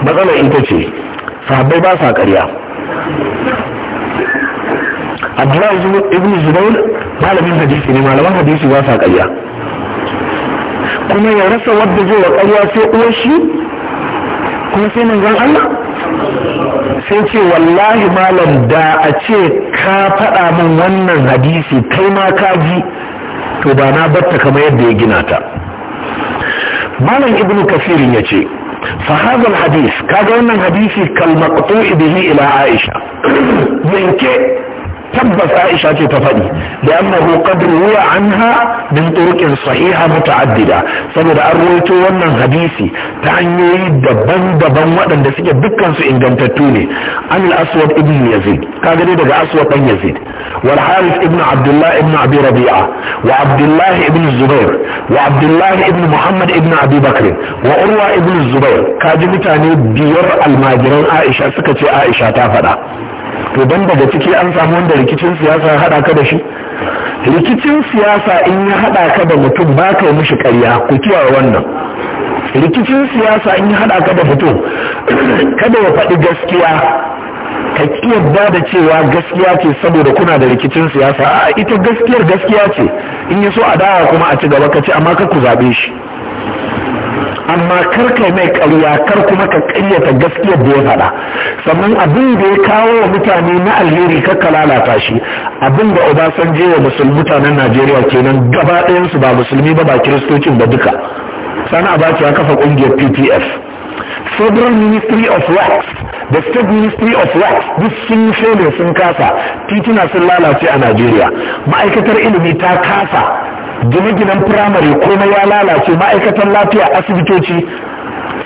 matsalar ita ce sahabbai ba sa ƙarya abdullahi ibn zubair malamin hadisi ne malaman hadisi ba sa ƙarya kuma ya rasa wadda zai wa ƙarya sai uwar shi kuma sai nan gan Allah sai ce wallahi malam da a ce ka faɗa min wannan hadisi kai ma ka ji to ba na batta kamar yadda ya gina ta malam ibnu kafirin ya ce fahazal hadis kaga wannan hadisi kalmaqtu'i bihi ila aisha yanke tabbas Aisha ce ta faɗi da annahu qad ruwa anha min turuqin sahiha muta'addida saboda an rawaito wannan hadisi ta hanyoyi daban-daban waɗanda suke dukkan su ingantattu ne an al-aswad ibn yazid kaga dai daga aswad dan yazid wal harith ibn abdullah ibn abi rabi'a wa abdullah ibn zubair wa abdullah ibn muhammad ibn abi bakr wa urwa ibn zubair kaji mutane biyar almajiran Aisha suka ce Aisha ta faɗa to don daga ciki an samu wanda rikicin siyasa hada ka da shi rikicin siyasa in ya hada ka da mutum ba ka yi mishi karya ku kiwa wannan rikicin siyasa in ya hada ka da mutum kada ya faɗi gaskiya ka yadda da cewa gaskiya ce saboda kuna da rikicin siyasa a ita gaskiyar gaskiya ce in ya so a dawa kuma a ci gaba ka ci amma ka ku zaɓe shi amma kar mai karya kar kuma ka karyata gaskiya da ya faɗa sannan abin da ya kawo wa mutane na alheri kakka lalata shi abin da je wa musulmi mutanen najeriya kenan gaba ɗayansu ba musulmi ba ba kiristocin ba duka sana abaci ya kafa ƙungiyar ptf federal ministry of works da state ministry of works duk sun shele sun kasa tituna sun lalace a najeriya ma'aikatar ilimi ta kasa gine-ginen firamare komai ya lalace ma'aikatan lafiya asibitoci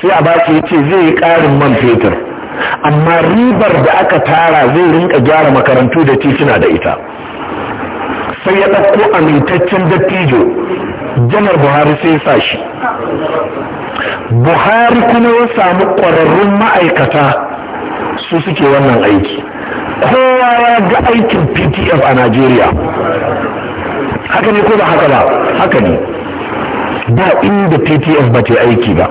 sai a ba ya ce zai yi ƙarin man fetur amma ribar da aka tara zai rinka gyara makarantu da tituna da ita sai ya ɗauko amintaccen dattijo janar buhari sai sa shi buhari kuma ya samu ƙwararrun ma'aikata su suke wannan aiki kowa ya ga aikin ptf a najeriya haka ne ko ba haka ba haka ne ba inda ptf ba ta aiki ba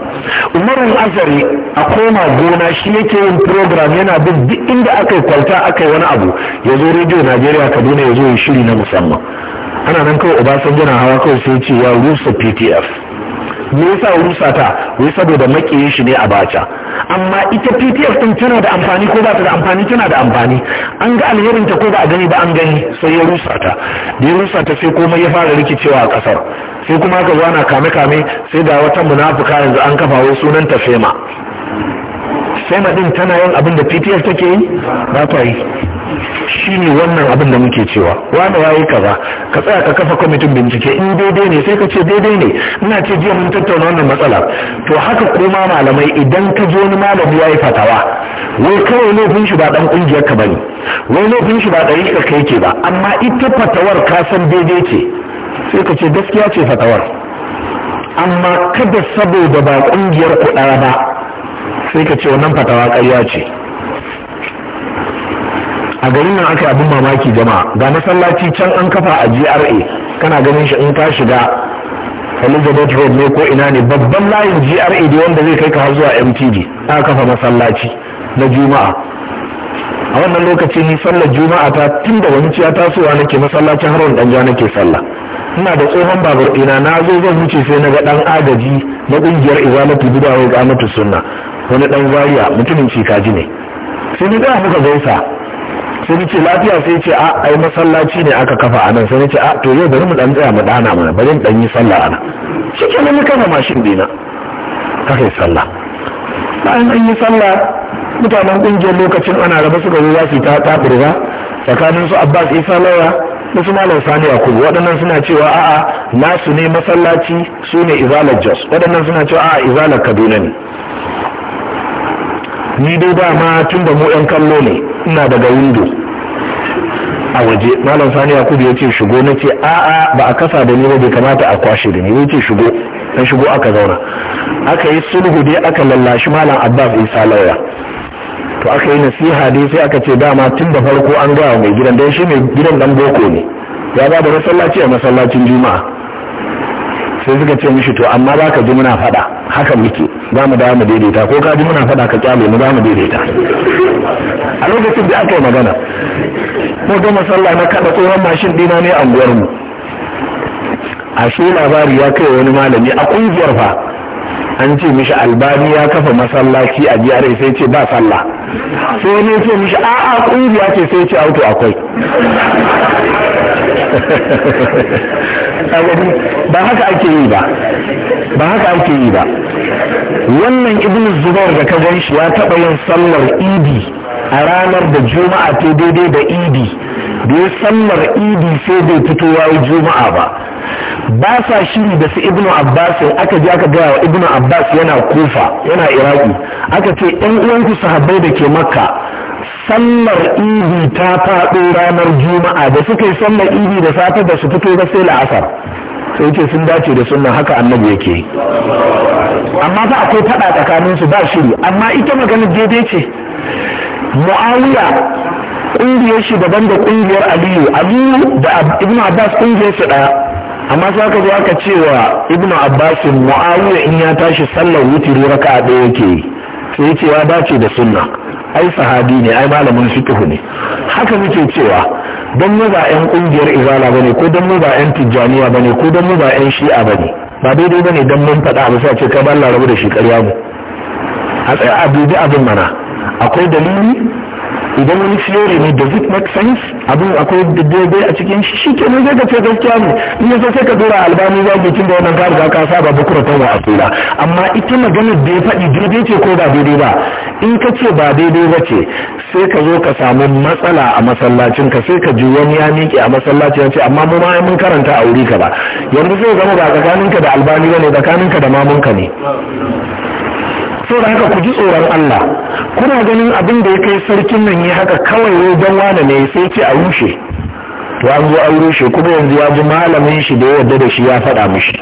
umarun azari a koma gona shi yake yin program yana bin duk inda aka yi kwalta aka yi wani abu ya zo rediyo najeriya kaduna ya zo ya shiri na musamman ana nan kawai obasanjo na hawa kawai sai ce ya rusa ptf me yasa rusa ta wai saboda makiyin shi ne a baca amma ita PTF din tana da amfani ko ba ta da amfani tana da amfani an ga alherin ta ko ba a gani ba an gani sai ya rusa ta da ya rusa ta sai komai ya fara rikicewa a kasar sai kuma ka zo ana kame kame sai da wata munafuka yanzu an kafa wai sunan ta fema fema din tana yin abin da PTF take yi ba ta yi Shi ne wannan abin da muke cewa wani yi kaza ka tsaya ka kafa kwamitin bincike in daidai ne sai ka ce daidai ne ina ce jiya mun tattauna wannan matsala to haka kuma malamai idan ka je wani malami ya yi fatawa wai kawai laifin shi ba dan kungiyar ka bane wai laifin shi ba dari ka kai ke ba amma ita fatawar ka san daidai ce sai ka ce gaskiya ce fatawar amma kada saboda ba kungiyar ku ba sai ka ce wannan fatawa ƙarya ce a garin nan aka abin mamaki jama'a ga masallaci can an kafa a GRA kana ganin shi in ka shiga Elizabeth Road ne ko ina ne babban layin GRA da wanda zai kai ka har zuwa MTD aka kafa masallaci na Juma'a a wannan lokaci ni sallar Juma'a ta tun da wani ciya tasowa nake masallacin haron danja nake sallah ina da tsohon babur ina na zo zan wuce sai na ga ɗan agaji na ƙungiyar izalatu gudawa ga sunna wani ɗan zaria mutumin cikaji ne sai ni ga muka gaisa sai ce lafiya sai ce a ah, ai masallaci ne aka kafa a nan sai nace a ah, to yau bari mu dan tsaya mu dana mana bari mu dan yi sallah ana shikenan na kafa mashin dina kake sallah bayan an yi sallah mutanen kungiyar lokacin ana raba suka zo za su ta burga tsakanin su Abbas Isa Lawa da su Malam Sani Yakubu waɗannan suna cewa a'a nasu ne masallaci su ne Izalar Jos waɗannan suna cewa a Izalar Kaduna ne ni dai dama tun da mu 'yan kallo ne ina daga windo a waje malam sani yakubu ya ce shigo na ce a'a ba a kasa da ni ba bai kamata a kwashe da ni ya ce shigo na shigo aka zauna aka yi sulhu dai aka lallashi malam abbas isa lauya to aka yi nasiha dai sai aka ce dama tun da farko an gawa mai gidan don shi mai gidan dan boko ne ya ba da masallaci a masallacin juma'a sai suka ce mishi to amma ba ka ji muna faɗa haka muke za mu dawo mu daidaita ko ka ji muna fada ka kyale mu za mu daidaita a lokacin da aka yi magana mu gama sallah na kaɗa tsohon mashin dina ne a unguwarmu ashe labari ya kai wani malami a ƙungiyar fa an ce mishi albani ya kafa masallaci a jihar sai ce ba sallah sai wani ce mishi a'a ƙungiya ce sai ce auto akwai ba haka ake yi ba ba haka ake yi ba wannan ibn zubar da ka gan shi ya taɓa yin sallar idi a ranar da juma'a ta daidai da idi da ya sallar idi sai bai fito yayi juma'a ba ba sa shiri da su Ibn abbas aka ji aka gaya wa ibnu abbas yana kufa yana iraki aka ce yan uwanku sahabbai da ke makka sallar idi ta faɗo ranar juma'a da suka yi sallar idi da safe da su fito da sai la'asar sai yake sun dace da sunan haka annabi yake amma a akwai faɗa tsakanin su ba shiri amma ita magana daidai ce mu'awiya ƙungiyar shi daban da ƙungiyar aliyu aliyu da ibn abbas ƙungiyar su ɗaya amma sai aka zo aka cewa ibnu abbasin mu'awiya in ya tashi sallar wutiri raka'a ɗaya yake yi sai yake ya dace da sunna ai sahabi ne ai malamin fiqh ne haka muke cewa dan mu ba yan kungiyar izala bane ko dan mu ba yan tijjaniya bane ko dan mu ba shi'a bane ba daidai bane dan mun faɗa ba sai ce ka ballar rabu da shi ƙarya mu a tsaya a dubi abin mana akwai dalili idan wani theory ne da it make sense abin akwai daidai a cikin shi shi zai ka gaskiya ne in yaso sai ka tura albani zagi tun da wannan za ka saba bukura tawa a tsira amma ita maganar da ya faɗi daidai ce ko ba daidai ba in ka ce ba daidai ba ce sai ka zo ka samu matsala a masallacin ka sai ka ji wani ya miƙe a masallacin ya ce amma mu ma mun karanta a wuri ka ba yanzu sai zama ba tsakaninka da albani ba ne tsakaninka da ka ne saboda haka ku ji tsoron Allah kuna ganin abin da ya kai sarkin nan yi haka kawai ya dan wane ne sai ce a rushe to an zo an rushe kuma yanzu ya ji malamin shi da ya yarda da shi ya faɗa mishi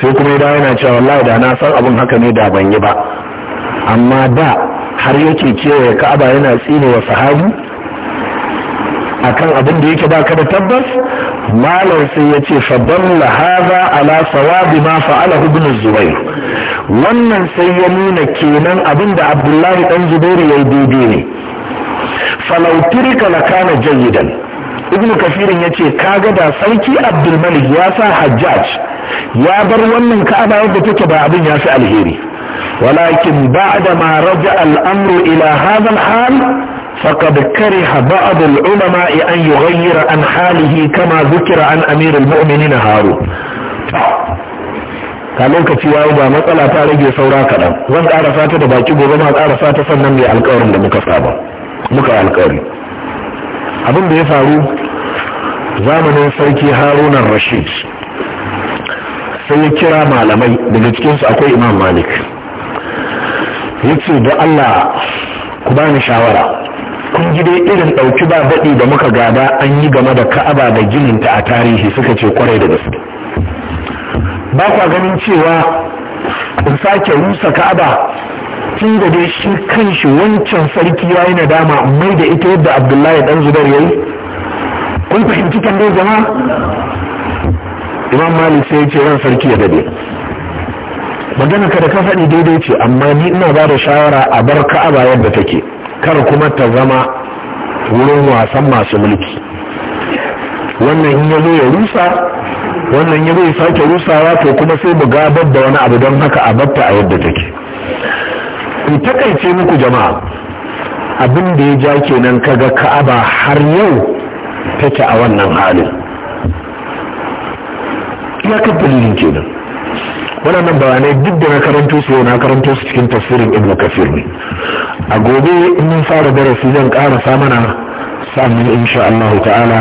sai kuma ya yana cewa wallahi da na san abin haka ne da ban yi ba amma da har yake kewaye ka'aba yana tsine wa sahabi akan abin da yake baka da tabbas malam sai ya ce fadalla haza ala sawabi ma fa'ala ibn zubair wannan sai ya nuna kenan abinda abdullahi dan zubairu yayi daidai ne falau turika la kana ibn kafirin yace kaga da sarki abdul malik ya sa hajjaj ya bar wannan ka'aba yadda take ba abin ya fi alheri walakin ba'da ma raja al'amru ila hadha al-hal فقد كره بعض العلماء أن يغير عن حاله كما ذكر عن أمير المؤمنين هارون ka lokaci ya ba matsala ta rage saura kaɗan zan ƙara fata da baki gobe ma ƙarasa fata sannan mai alƙawarin da muka saba muka yi alƙawari abin da ya faru zamanin sarki harunan rashid sai ya kira malamai daga cikinsu akwai imam malik ya ce da allah ku bani shawara kun gida irin ɗauki ba baɗi da muka gada an yi game da ka'aba da ginin ta a tarihi suka ce kwarai da gaske ba kwa ganin cewa in sake rusa ka'aba tun da dai shi kan shi wancan sarki ya yi nadama mai da ita yadda abdullahi dan zubar ya yi kun fahimci kan dai jama'a imam malik sai ya ce ran sarki ya dade magana ka da ka faɗi daidai ce amma ni ina ba da shawara a bar ka'aba yadda take kar kuma ta zama wurin wasan masu mulki wannan in ya ya rusa wannan ya zai sake rusawa to kuma sai mu gabar da wani abu don haka a batta a yadda take in takaice muku jama'a abin da ya ja kenan kaga ka'aba har yau take a wannan halin ya kafa dalilin kenan waɗannan bayanai duk da na karanto su na karanto su cikin tafsirin ibnu kafir ne a gobe in mun fara darasi zan ƙarasa mana sannan insha Allah ta'ala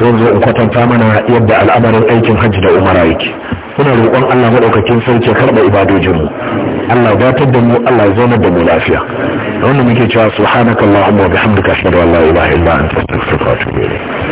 zan zo in kwatanta mana yadda al'amarin aikin hajji da umara yake muna roƙon Allah maɗaukakin sarki karɓa ibadojinmu Allah gatar da mu Allah ya zauna da mu lafiya da muke cewa subhanakallahumma wa bihamdika ashhadu an la ilaha illa anta astaghfiruka wa atubu ilayk